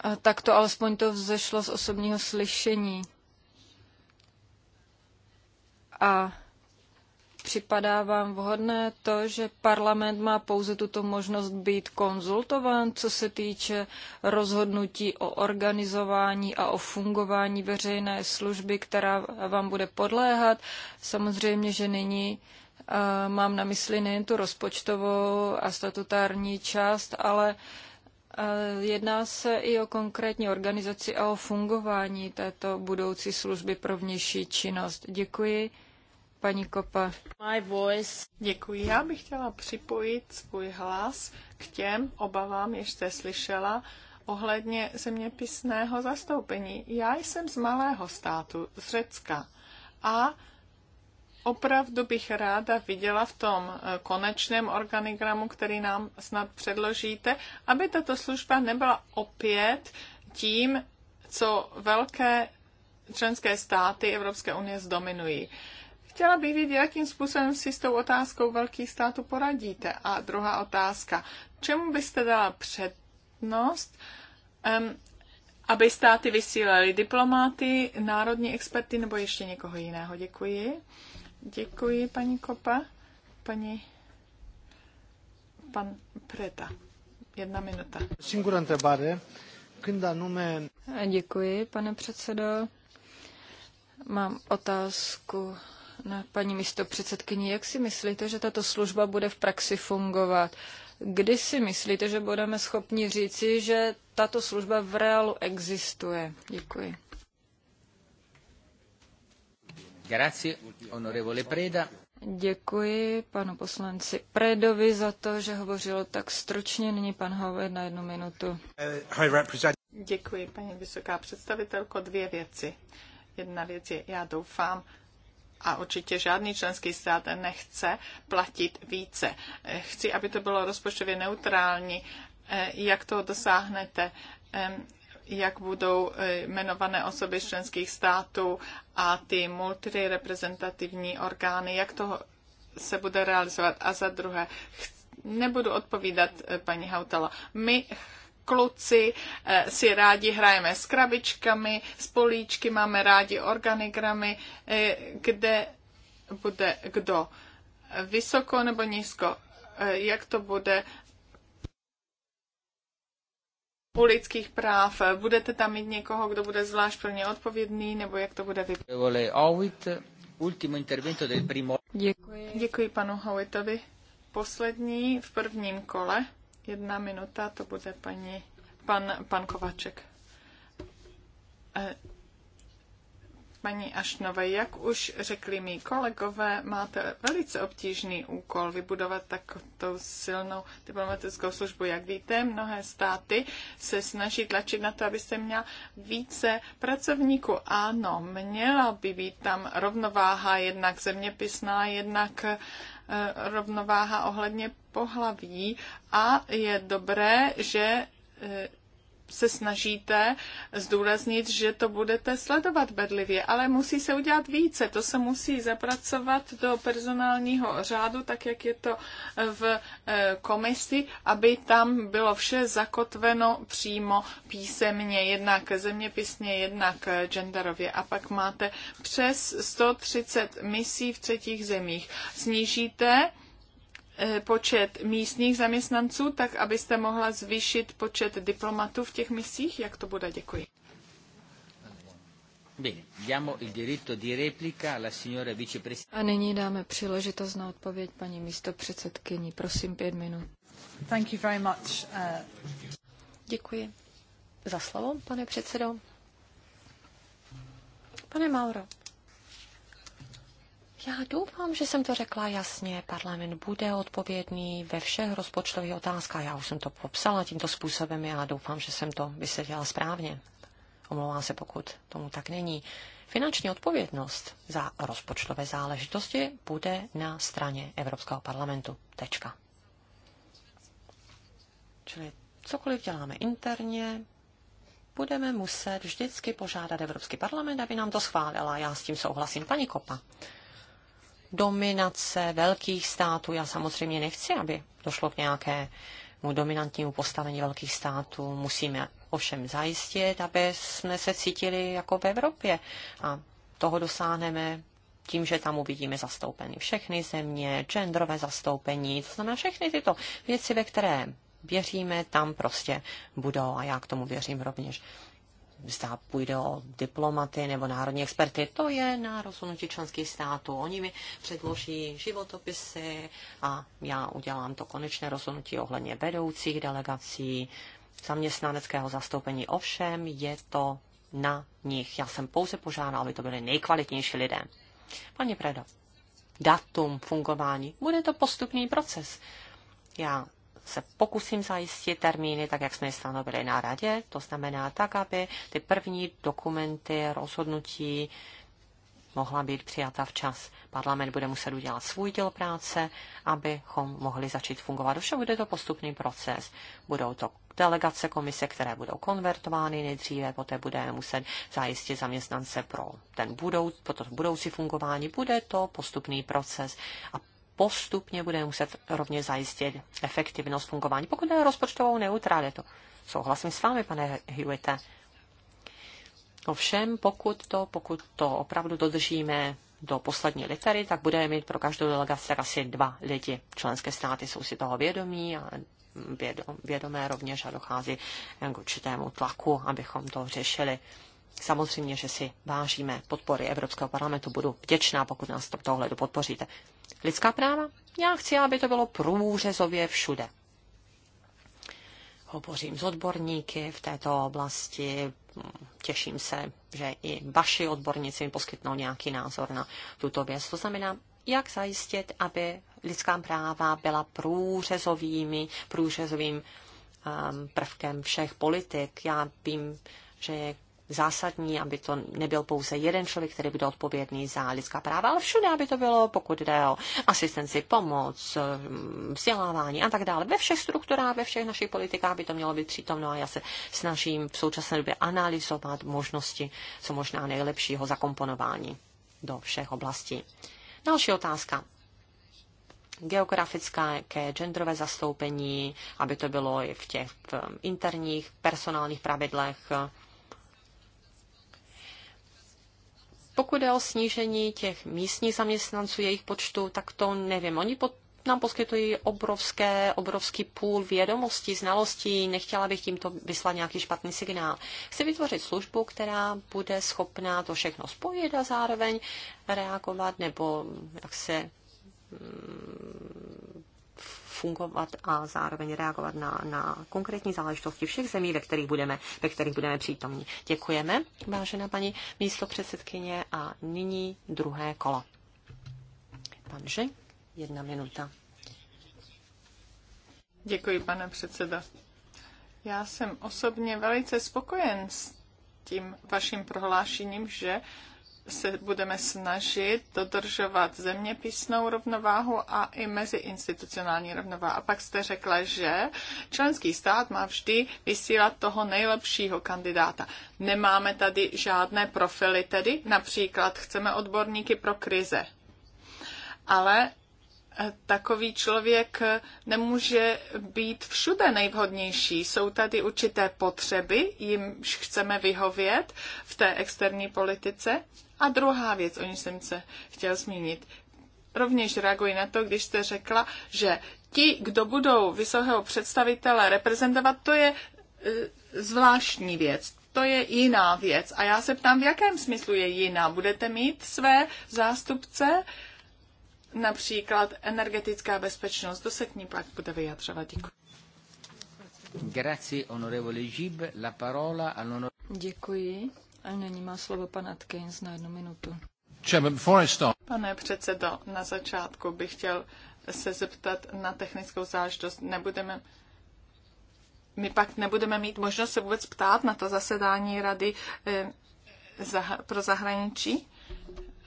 S2: A tak to alespoň to vzešlo z osobního slyšení. A Připadá vám vhodné to, že parlament má pouze tuto možnost být konzultován, co se týče rozhodnutí o organizování a o fungování veřejné služby, která vám bude podléhat? Samozřejmě, že nyní eh, mám na mysli nejen tu rozpočtovou a statutární část, ale eh, Jedná se i o konkrétní organizaci a o fungování této budoucí služby pro vnější činnost. Děkuji paní Kopa.
S4: My voice. Děkuji. Já bych chtěla připojit svůj hlas k těm obavám, jež jste slyšela, ohledně zeměpisného zastoupení. Já jsem z malého státu, z Řecka. A opravdu bych ráda viděla v tom eh, konečném organigramu, který nám snad předložíte, aby tato služba nebyla opět tím, co velké členské státy Evropské unie zdominují. Chtěla bych vidět, jakým způsobem si s tou otázkou velkých států poradíte. A druhá otázka, čemu byste dala přednost, um, aby státy vysílali diplomáty, národní experty nebo ještě někoho jiného? Děkuji. Děkuji, paní Kopa. Paní pan Preta. Jedna minuta.
S2: Děkuji, pane předsedo. Mám otázku na paní místo předsedkyni, jak si myslíte, že tato služba bude v praxi fungovat? Kdy si myslíte, že budeme schopni říci, že tato služba v reálu existuje? Děkuji.
S1: Grazie, onorevole Preda.
S2: Děkuji panu poslanci Predovi za to, že hovořil tak stručně. Nyní pan Howard na jednu minutu.
S1: Uh,
S4: Děkuji, paní vysoká představitelko. Dvě věci. Jedna věc je, já doufám, a určitě žádný členský stát nechce platit více. Chci, aby to bylo rozpočtově neutrální. E, jak to dosáhnete? jak budou e, jmenované osoby členských států a ty multireprezentativní orgány, jak to se bude realizovat. A za druhé, nebudu odpovídat e, paní Hautala. My kluci eh, si rádi hrajeme s krabičkami, s políčky, máme rádi organigramy, eh, kde bude kdo eh, vysoko nebo nízko, jak to bude u lidských práv. Budete tam mít někoho, kdo bude zvlášť pro ně odpovědný, nebo jak to bude vypadat? Děkuji. Děkuji panu Howitovi. Poslední v prvním kole. Jedna minuta, to bude paní, pan, pan Kováček. E, paní Ašnové, jak už řekli mý kolegové, máte velice obtížný úkol vybudovat takovou silnou diplomatickou službu. Jak víte, mnohé státy se snaží tlačit na to, abyste měla více pracovníků. Ano, měla by být tam rovnováha jednak zeměpisná, jednak Eh, rovnováha ohledně pohlaví a je dobré, že eh, se snažíte zdůraznit, že to budete sledovat bedlivě, ale musí se udělat více. To se musí zapracovat do personálního řádu, tak jak je to v eh, komisi, aby tam bylo vše zakotveno přímo písemně, jednak zeměpisně, jednak genderově. A pak máte přes 130 misí v třetích zemích. Snížíte E, počet místních zaměstnanců, tak abyste mohla zvýšit počet diplomatů v těch misích?
S1: Jak to bude? Děkuji. A
S2: nyní dáme příležitost na odpověď paní místopředsedkyni. Prosím, pět minut. Thank you very much. Uh, Děkuji za
S3: slovo, pane předsedo. Pane Mauro, já doufám, že jsem to řekla jasně. Parlament bude odpovědný ve všech rozpočtových otázkách. Já už jsem to popsala tímto způsobem. Já doufám, že jsem to vysvětlila správně. Omlouvám se, pokud tomu tak není. Finanční odpovědnost za rozpočtové záležitosti bude na straně Evropského parlamentu. Tečka. Čili cokoliv děláme interně, budeme muset vždycky požádat Evropský parlament, aby nám to schválila. Já s tím souhlasím, paní Kopa dominace velkých států. Já samozřejmě nechci, aby došlo k nějakému dominantnímu postavení velkých států. Musíme ovšem zajistit, aby jsme se cítili jako v Evropě. A toho dosáhneme tím, že tam uvidíme zastoupeny všechny země, genderové zastoupení, to znamená všechny tyto věci, ve které věříme, tam prostě budou a já k tomu věřím rovněž zda půjde o diplomaty nebo národní experty, to je na rozhodnutí členských států. Oni mi předloží životopisy a já udělám to konečné rozhodnutí ohledně vedoucích delegací, zaměstnaneckého zastoupení. Ovšem je to na nich. Já jsem pouze požádal, aby to byly nejkvalitnější lidé. Paní Predo, datum fungování, bude to postupný proces. Já se pokusím zajistit termíny, tak jak jsme je stanovili na radě, to znamená tak, aby ty první dokumenty, rozhodnutí mohla být přijata včas. Parlament bude muset udělat svůj díl práce, abychom mohli začít fungovat. Ovšem bude to postupný proces. Budou to delegace komise, které budou konvertovány nejdříve, poté bude muset zajistit zaměstnance pro ten budou, pro to budoucí fungování. Bude to postupný proces a postupně budeme muset rovně zajistit efektivnost fungování, pokud je rozpočtovou neutralitu. Souhlasím s vámi, pane Hewitte. Ovšem, pokud to, pokud to opravdu dodržíme do poslední litery, tak budeme mít pro každou delegaci asi dva lidi. Členské státy jsou si toho vědomí a vědomé rovněž a dochází k určitému tlaku, abychom to řešili. Samozřejmě, že si vážíme podpory Evropského parlamentu. Budu vděčná, pokud nás to v tohledu podpoříte. Lidská práva? Já chci, aby to bylo průřezově všude. Hovořím s odborníky v této oblasti, těším se, že i vaši odborníci mi poskytnou nějaký názor na tuto věc. To znamená, jak zajistit, aby lidská práva byla průřezovými, průřezovým um, prvkem všech politik. Já vím, že je zásadní, aby to nebyl pouze jeden člověk, který bude odpovědný za lidská práva, ale všude, aby to bylo, pokud jde o asistenci, pomoc, mm, vzdělávání a tak dále. Ve všech strukturách, ve všech našich politikách by to mělo být přítomno a já se snažím v současné době analyzovat možnosti, co možná nejlepšího zakomponování do všech oblastí. Další otázka geografické genderové zastoupení, aby to bylo i v těch interních personálních pravidlech Pokud je o snížení těch místních zaměstnanců, jejich počtu, tak to nevím. Oni pod, nám poskytují obrovské, obrovský půl vědomostí, znalostí. Nechtěla bych tímto vyslat nějaký špatný signál. Chci vytvořit službu, která bude schopná to všechno spojit a zároveň reagovat nebo jak se mm, fungovat a zároveň reagovat na, na konkrétní záležitosti všech zemí, ve kterých budeme, ve kterých budeme přítomní. Děkujeme, vážená paní místo předsedkyně, a nyní druhé kolo. Pan Ži, jedna minuta.
S4: Děkuji, pane předseda. Já jsem osobně velice spokojen s tím vaším prohlášením, že se budeme snažit dodržovat zeměpisnou rovnováhu a i meziinstitucionální rovnováhu. A pak jste řekla, že členský stát má vždy vysílat toho nejlepšího kandidáta. Nemáme tady žádné profily, tedy například chceme odborníky pro krize. Ale eh, takový člověk nemůže být všude nejvhodnější. Jsou tady určité potřeby, jimž chceme vyhovět v té externí politice, a druhá věc, o níž jsem se chtěl zmínit, rovněž reaguji na to, když jste řekla, že ti, kdo budou vysokého představitele reprezentovat, to je e, zvláštní věc. To je jiná věc. A já se ptám, v jakém smyslu je jiná. Budete mít své zástupce, například energetická bezpečnost. To se k ní pak bude vyjadřovat. Děkuji.
S1: Grazie, onorevole Gib. La parola all'onorevole...
S4: Děkuji nyní má slovo pan Atkins na jednu minutu. Pane předsedo, na začátku bych chtěl se zeptat na technickou záležitost. Nebudeme my pak nebudeme mít možnost se vůbec ptát na to zasedání Rady eh, pro zahraničí.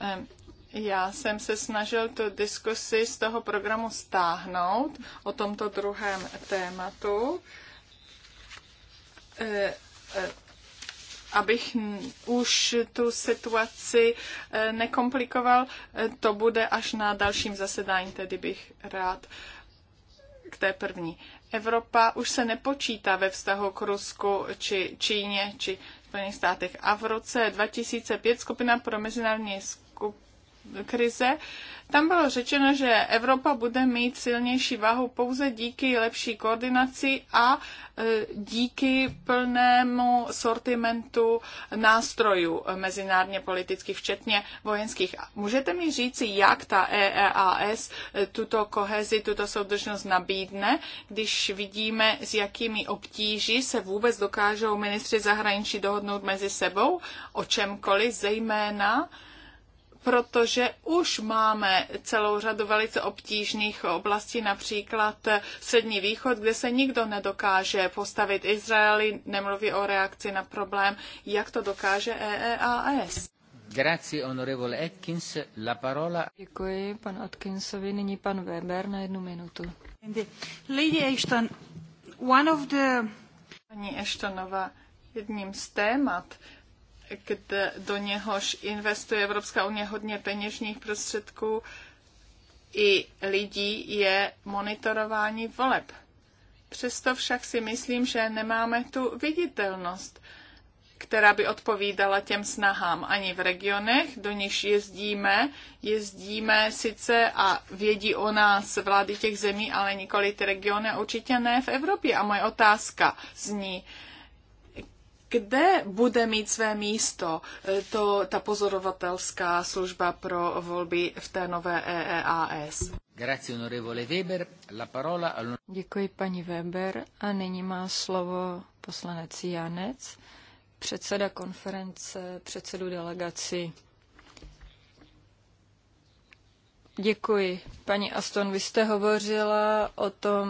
S4: Eh, já jsem se snažil tu diskusi z toho programu stáhnout o tomto druhém tématu eh, abych už tu situaci eh, nekomplikoval, eh, to bude až na dalším zasedání, tedy bych rád k té první. Evropa už se nepočítá ve vztahu k Rusku či Číně či Spojených státech. A v roce 2005 skupina pro mezinárodní krize, tam bylo řečeno, že Evropa bude mít silnější váhu pouze díky lepší koordinaci a e, díky plnému sortimentu nástrojů e, mezinárodně politických, včetně vojenských. Můžete mi říci, jak ta EEAS e, tuto kohezi, tuto soudržnost nabídne, když vidíme, s jakými obtíží se vůbec dokážou ministři zahraničí dohodnout mezi sebou o čemkoliv, zejména protože už máme celou řadu velice obtížných oblastí, například Střední východ, kde se nikdo nedokáže postavit Izraeli, nemluví o reakci na problém, jak to dokáže EEAS.
S1: Grazie, onorevole Atkins. La parola...
S2: Děkuji, pan Atkinsovi. Nyní pan Weber na jednu minutu.
S4: Lady Ashton, one of the... Paní Ashtonova jedním z témat, kde do něhož investuje Evropská unie hodně peněžních prostředků i lidí, je monitorování voleb. Přesto však si myslím, že nemáme tu viditelnost, která by odpovídala těm snahám ani v regionech, do nichž jezdíme. Jezdíme sice a vědí o nás vlády těch zemí, ale nikoli ty regiony, určitě ne v Evropě. A moje otázka zní, kde bude mít své místo e, to, ta pozorovatelská služba pro
S1: volby v té nové
S4: EEAS.
S2: Děkuji paní Weber a nyní má slovo poslanec Janec, předseda konference, předsedu delegaci. Děkuji. Paní Aston, vy jste hovořila o tom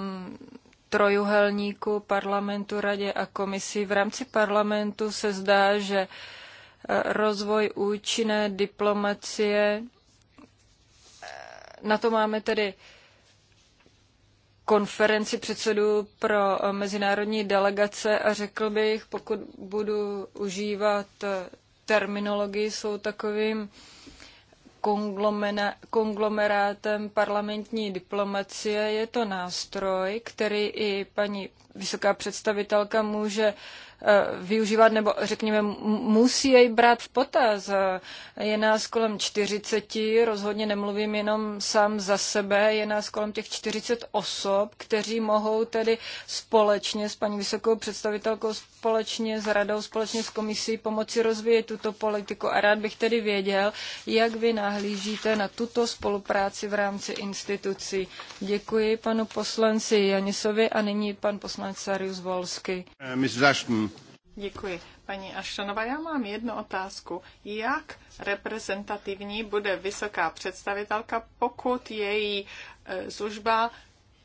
S2: trojuhelníku parlamentu, radě a komisi. V rámci parlamentu se zdá, že eh, rozvoj účinné diplomacie, eh, na to máme tedy konferenci předsedů pro eh, mezinárodní delegace a řekl bych, pokud budu užívat terminologii, jsou takovým konglomerátem parlamentní diplomacie. Je to nástroj, který i paní vysoká představitelka může eh, využívat, nebo řekněme, musí jej brát v potaz. Je nás kolem 40, rozhodně nemluvím jenom sám za sebe, je nás kolem těch 40 osob, kteří mohou tedy společně s paní vysokou představitelkou, společně s radou, společně s komisí pomoci rozvíjet tuto politiku. A rád bych tedy věděl, jak vy nahlížíte na tuto spolupráci v rámci institucí. Děkuji panu poslanci
S4: Janisovi a nyní pan poslanec poslanec Sarius Volsky.
S1: Eh,
S4: Děkuji. Paní Aštonova, já mám jednu otázku. Jak reprezentativní bude vysoká představitelka, pokud její eh, služba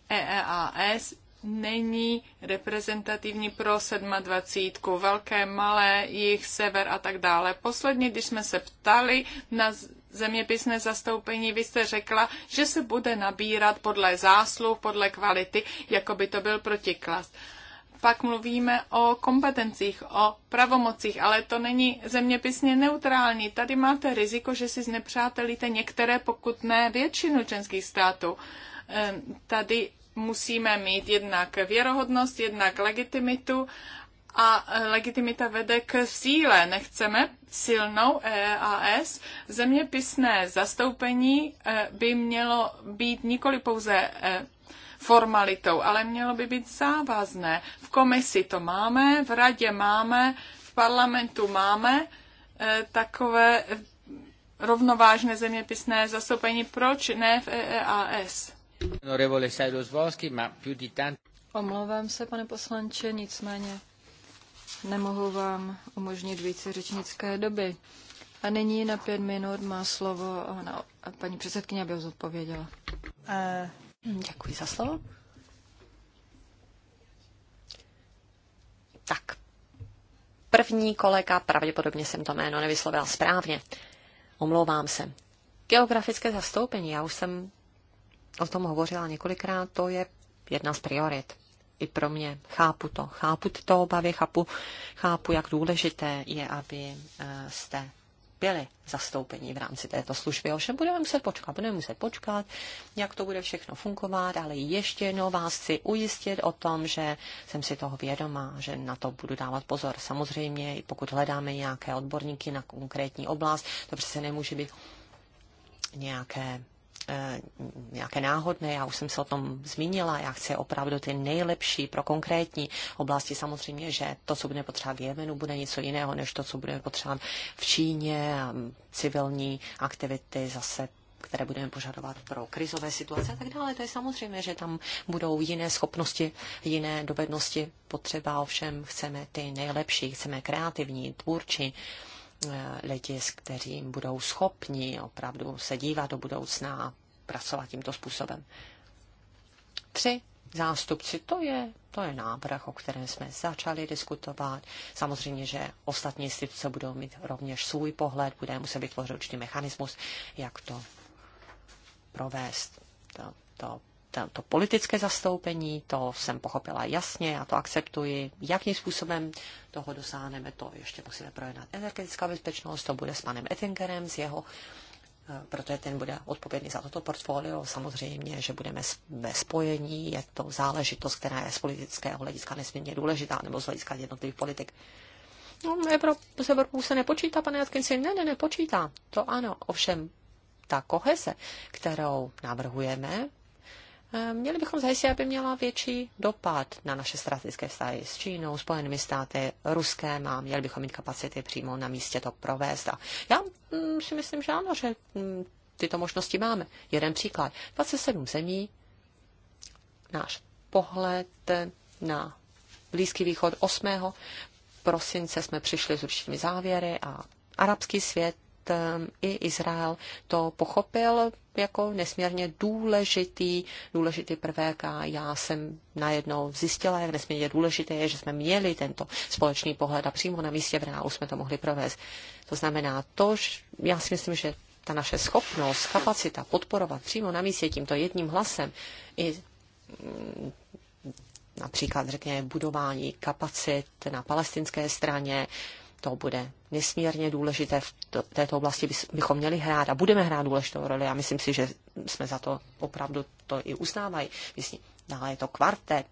S4: EEAS není reprezentativní pro 27, velké, malé, jich, sever a tak dále. Posledně, když jsme se ptali na zeměpisné zastoupení, vy jste řekla, že se bude nabírat podle zásluh, podle kvality, jako by to byl protiklas pak mluvíme o kompetencích, o pravomocích, ale to není zeměpisně neutrální. Tady máte riziko, že si znepřátelíte některé, pokud ne většinu členských států. Ehm, tady musíme mít jednak věrohodnost, jednak legitimitu a e, legitimita vede k síle. Nechceme silnou EAS. Zeměpisné zastoupení e, by mělo být nikoli pouze e, formalitou, ale mělo by být závazné. V komisi to máme, v radě máme, v parlamentu máme takové rovnovážné zeměpisné zastoupení. Proč ne v EAS?
S2: Omlouvám se, pane poslanče, nicméně Nemohu vám umožnit více řečnické doby. A nyní na pět minut má slovo na, paní předsedkyně, aby ho zodpověděla.
S3: Uh, děkuji za slovo. Tak, první kolega, pravděpodobně jsem to jméno nevyslovila správně. Omlouvám se. Geografické zastoupení, já už jsem o tom hovořila několikrát, to je jedna z priorit i pro mě. Chápu to, chápu tyto obavy, chápu, chápu, jak důležité je, aby eh, jste byli zastoupení v rámci této služby. Ovšem budeme muset počkat, budeme muset počkat, jak to bude všechno fungovat, ale ještě jednou vás chci ujistit o tom, že jsem si toho vědoma, že na to budu dávat pozor. Samozřejmě, i pokud hledáme nějaké odborníky na konkrétní oblast, to přece nemůže být nějaké Eh, nějaké náhodné, já už jsem se o tom zmínila, já chci opravdu ty nejlepší pro konkrétní oblasti. Samozřejmě, že to, co budeme potřebovat v Jemenu, bude něco jiného, než to, co budeme potřebovat v Číně civilní aktivity zase které budeme požadovat pro krizové situace a tak dále. To je samozřejmě, že tam budou jiné schopnosti, jiné dovednosti potřeba, ovšem chceme ty nejlepší, chceme kreativní, tvůrčí, uh, Eh, lidi, kteří budou schopni opravdu se dívat do budoucna a pracovat tímto způsobem. Tři zástupci, to je, to je návrh, o kterém jsme začali diskutovat. Samozřejmě, že ostatní instituce budou mít rovněž svůj pohled, bude muset vytvořit určitý mechanismus, jak to provést. To, to to politické zastoupení, to jsem pochopila jasně, já to akceptuji. Jakým způsobem toho dosáhneme, to ještě musíme projednat. Energetická bezpečnost, to bude s panem Ettingerem, s jeho eh, protože ten bude odpovědný za toto portfolio. Samozřejmě, že budeme ve spojení, je to záležitost, která je z politického hlediska nesmírně důležitá, nebo z hlediska jednotlivých politik. No, Evrop, s Evropou se nepočítá, pane Atkinsi, ne, ne, nepočítá. To ano, ovšem ta koheze, kterou navrhujeme, Eh, měli bychom zajistit, aby měla větší dopad na naše strategické vztahy s Čínou, Spojenými státy, Ruskem a měli bychom mít kapacity přímo na místě to provést. A já mm, si myslím, že ano, že mm, tyto možnosti máme. Jeden příklad. 27 zemí, náš pohled na Blízký východ 8. prosince jsme přišli s určitými závěry a arabský svět Ehm, i Izrael to pochopil jako nesmírně důležitý, důležitý prvek a já jsem najednou zjistila, jak nesmírně důležité je, že jsme měli tento společný pohled a přímo na místě v Reálu jsme to mohli provést. To znamená to, že já si myslím, že ta naše schopnost, kapacita podporovat přímo na místě tímto jedním hlasem i mm, například řekněme budování kapacit na palestinské straně, to bude nesmírně důležité. V této oblasti bychom měli hrát a budeme hrát důležitou roli. Já myslím si, že jsme za to opravdu to i uznávají. Myslím, dále je to kvartet,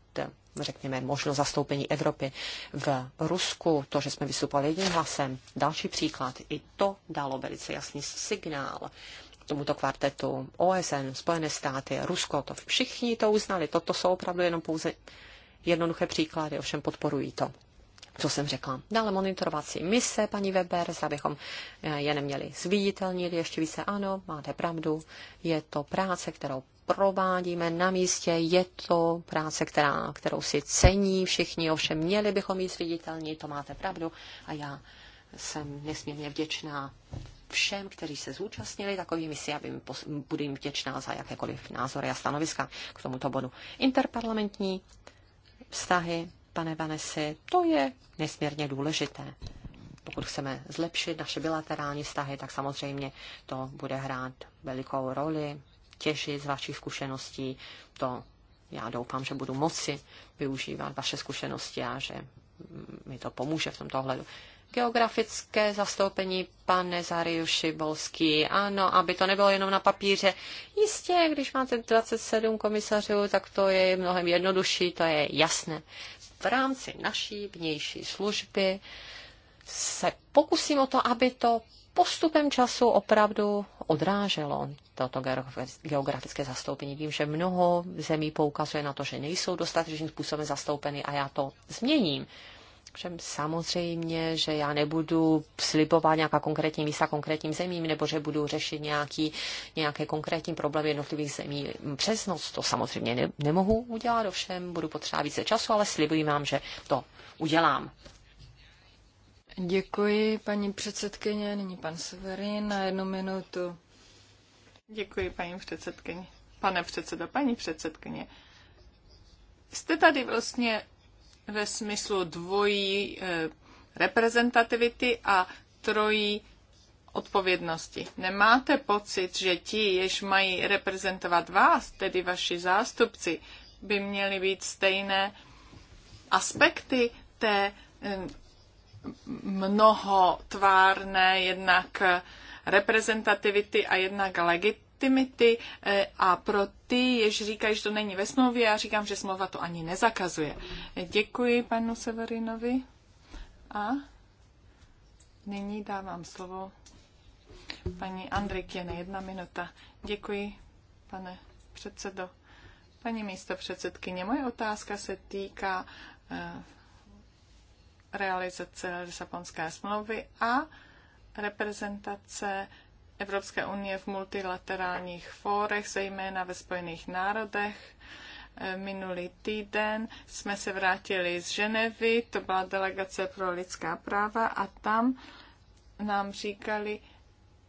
S3: řekněme, možnost zastoupení Evropy v Rusku, to, že jsme vystupovali jedním hlasem. Další příklad, i to dalo velice jasný signál tomuto kvartetu OSN, Spojené státy, Rusko, to všichni to uznali. Toto jsou opravdu jenom pouze jednoduché příklady, ovšem podporují to co jsem řekla. Dále monitorovací mise, paní Weber, zda bychom eh, je neměli zviditelnit ještě více. Ano, máte pravdu, je to práce, kterou provádíme na místě, je to práce, která, kterou si cení všichni, ovšem měli bychom ji zviditelnit, to máte pravdu a já jsem nesmírně vděčná všem, kteří se zúčastnili takový misi, aby mi budu jim vděčná za jakékoliv názory a stanoviska k tomuto bodu. Interparlamentní vztahy, pane Vanesi, to je nesmírně důležité. Pokud chceme zlepšit naše bilaterální vztahy, tak samozřejmě to bude hrát velikou roli, těžit z vašich zkušeností. To já doufám, že budu moci využívat vaše zkušenosti a že mi to pomůže v tomto ohledu. Geografické zastoupení, pane Zariuši Bolský, ano, aby to nebylo jenom na papíře. Jistě, když máte 27 komisařů, tak to je mnohem jednodušší, to je jasné v rámci naší vnější služby se pokusím o to, aby to postupem času opravdu odráželo toto geografické zastoupení. Vím, že mnoho zemí poukazuje na to, že nejsou dostatečným způsobem zastoupeny a já to změním. Všem samozřejmě, že já nebudu slibovat nějaká konkrétní místa konkrétním zemím, nebo že budu řešit nějaký, nějaké konkrétní problémy jednotlivých zemí přes noc. To samozřejmě ne, nemohu udělat, ovšem budu potřebovat více času, ale slibuji vám, že to udělám.
S2: Děkuji, paní předsedkyně. Nyní pan Severin na jednu minutu.
S4: Děkuji, paní předsedkyně. Pane předsedo, paní předsedkyně. Jste tady vlastně ve smyslu dvojí eh, reprezentativity a trojí odpovědnosti. Nemáte pocit, že ti, jež mají reprezentovat vás, tedy vaši zástupci, by měli být stejné aspekty té eh, mnohotvárné jednak reprezentativity a jednak legit legitimity eh, a pro ty, jež říkají, že to není ve smlouvě, já říkám, že smlouva to ani nezakazuje. Eh, děkuji panu Severinovi a nyní dávám slovo paní Andrik je na jedna minuta. Děkuji, pane předsedo. Paní místo předsedkyně, moje otázka se týká eh, realizace Lisabonské smlouvy a reprezentace Evropské unie v multilaterálních fórech, zejména ve Spojených národech. E, minulý týden jsme se vrátili z Ženevy, to byla delegace pro lidská práva a tam nám říkali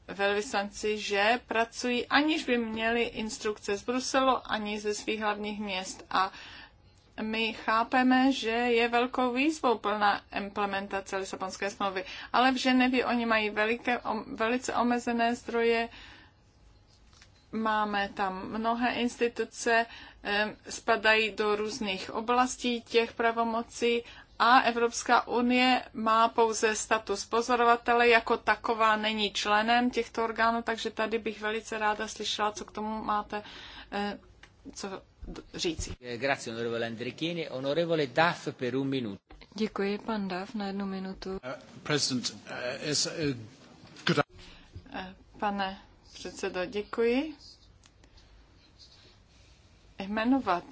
S4: velvyslanci, že pracují, aniž by měli instrukce z Bruselu, ani ze svých hlavních měst. A my chápeme, že je velkou výzvou plná implementace Lisabonské smlouvy, ale v Ženevě oni mají veliké, velice omezené zdroje, máme tam mnohé instituce, spadají do různých oblastí těch pravomocí a Evropská unie má pouze status pozorovatele, jako taková není členem těchto orgánů, takže tady bych velice ráda slyšela, co k tomu máte, eh, co
S1: říci.
S2: Děkuji, pan Dav, na jednu minutu. Uh,
S1: uh, uh,
S4: eh, pane předsedo, děkuji. Jmenovat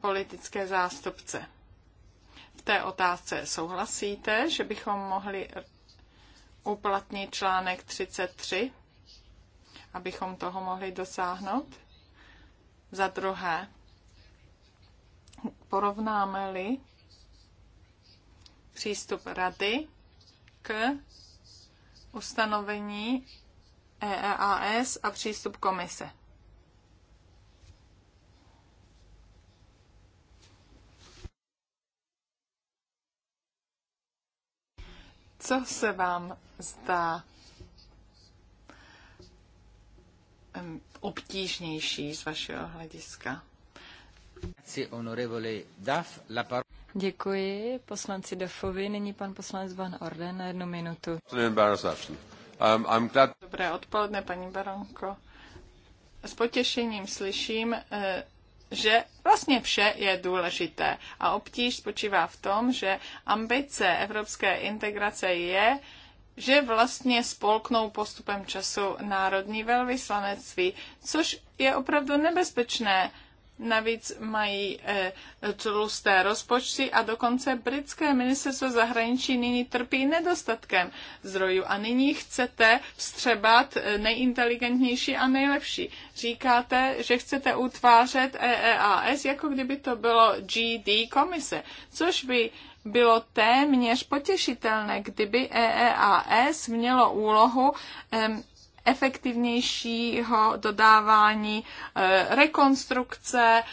S4: politické zástupce. V té otázce souhlasíte, že bychom mohli uplatnit článek 33, abychom toho mohli dosáhnout. Za druhé, porovnáme-li přístup rady k ustanovení EEAS a přístup komise. Co se vám zda obtížnější z vašeho hlediska.
S2: Děkuji poslanci Dafovi. Nyní
S4: pan poslanec Van Orden na jednu minutu.
S1: Um, Dobré
S4: odpoledne, paní Baronko. S potěšením slyším, eh, že vlastně vše je důležité. A obtíž spočívá v tom, že ambice evropské integrace je že vlastně spolknou postupem času národní velvyslanectví, což je opravdu nebezpečné. Navíc mají e, tlusté rozpočty a dokonce britské ministerstvo zahraničí nyní trpí nedostatkem zdrojů. A nyní chcete vstřebat eh, nejinteligentnější a nejlepší. Říkáte, že chcete utvářet EEAS, jako kdyby to bylo GD komise, což by bylo téměř potěšitelné, kdyby EEAS mělo úlohu efektivnějšího dodávání eh, rekonstrukce,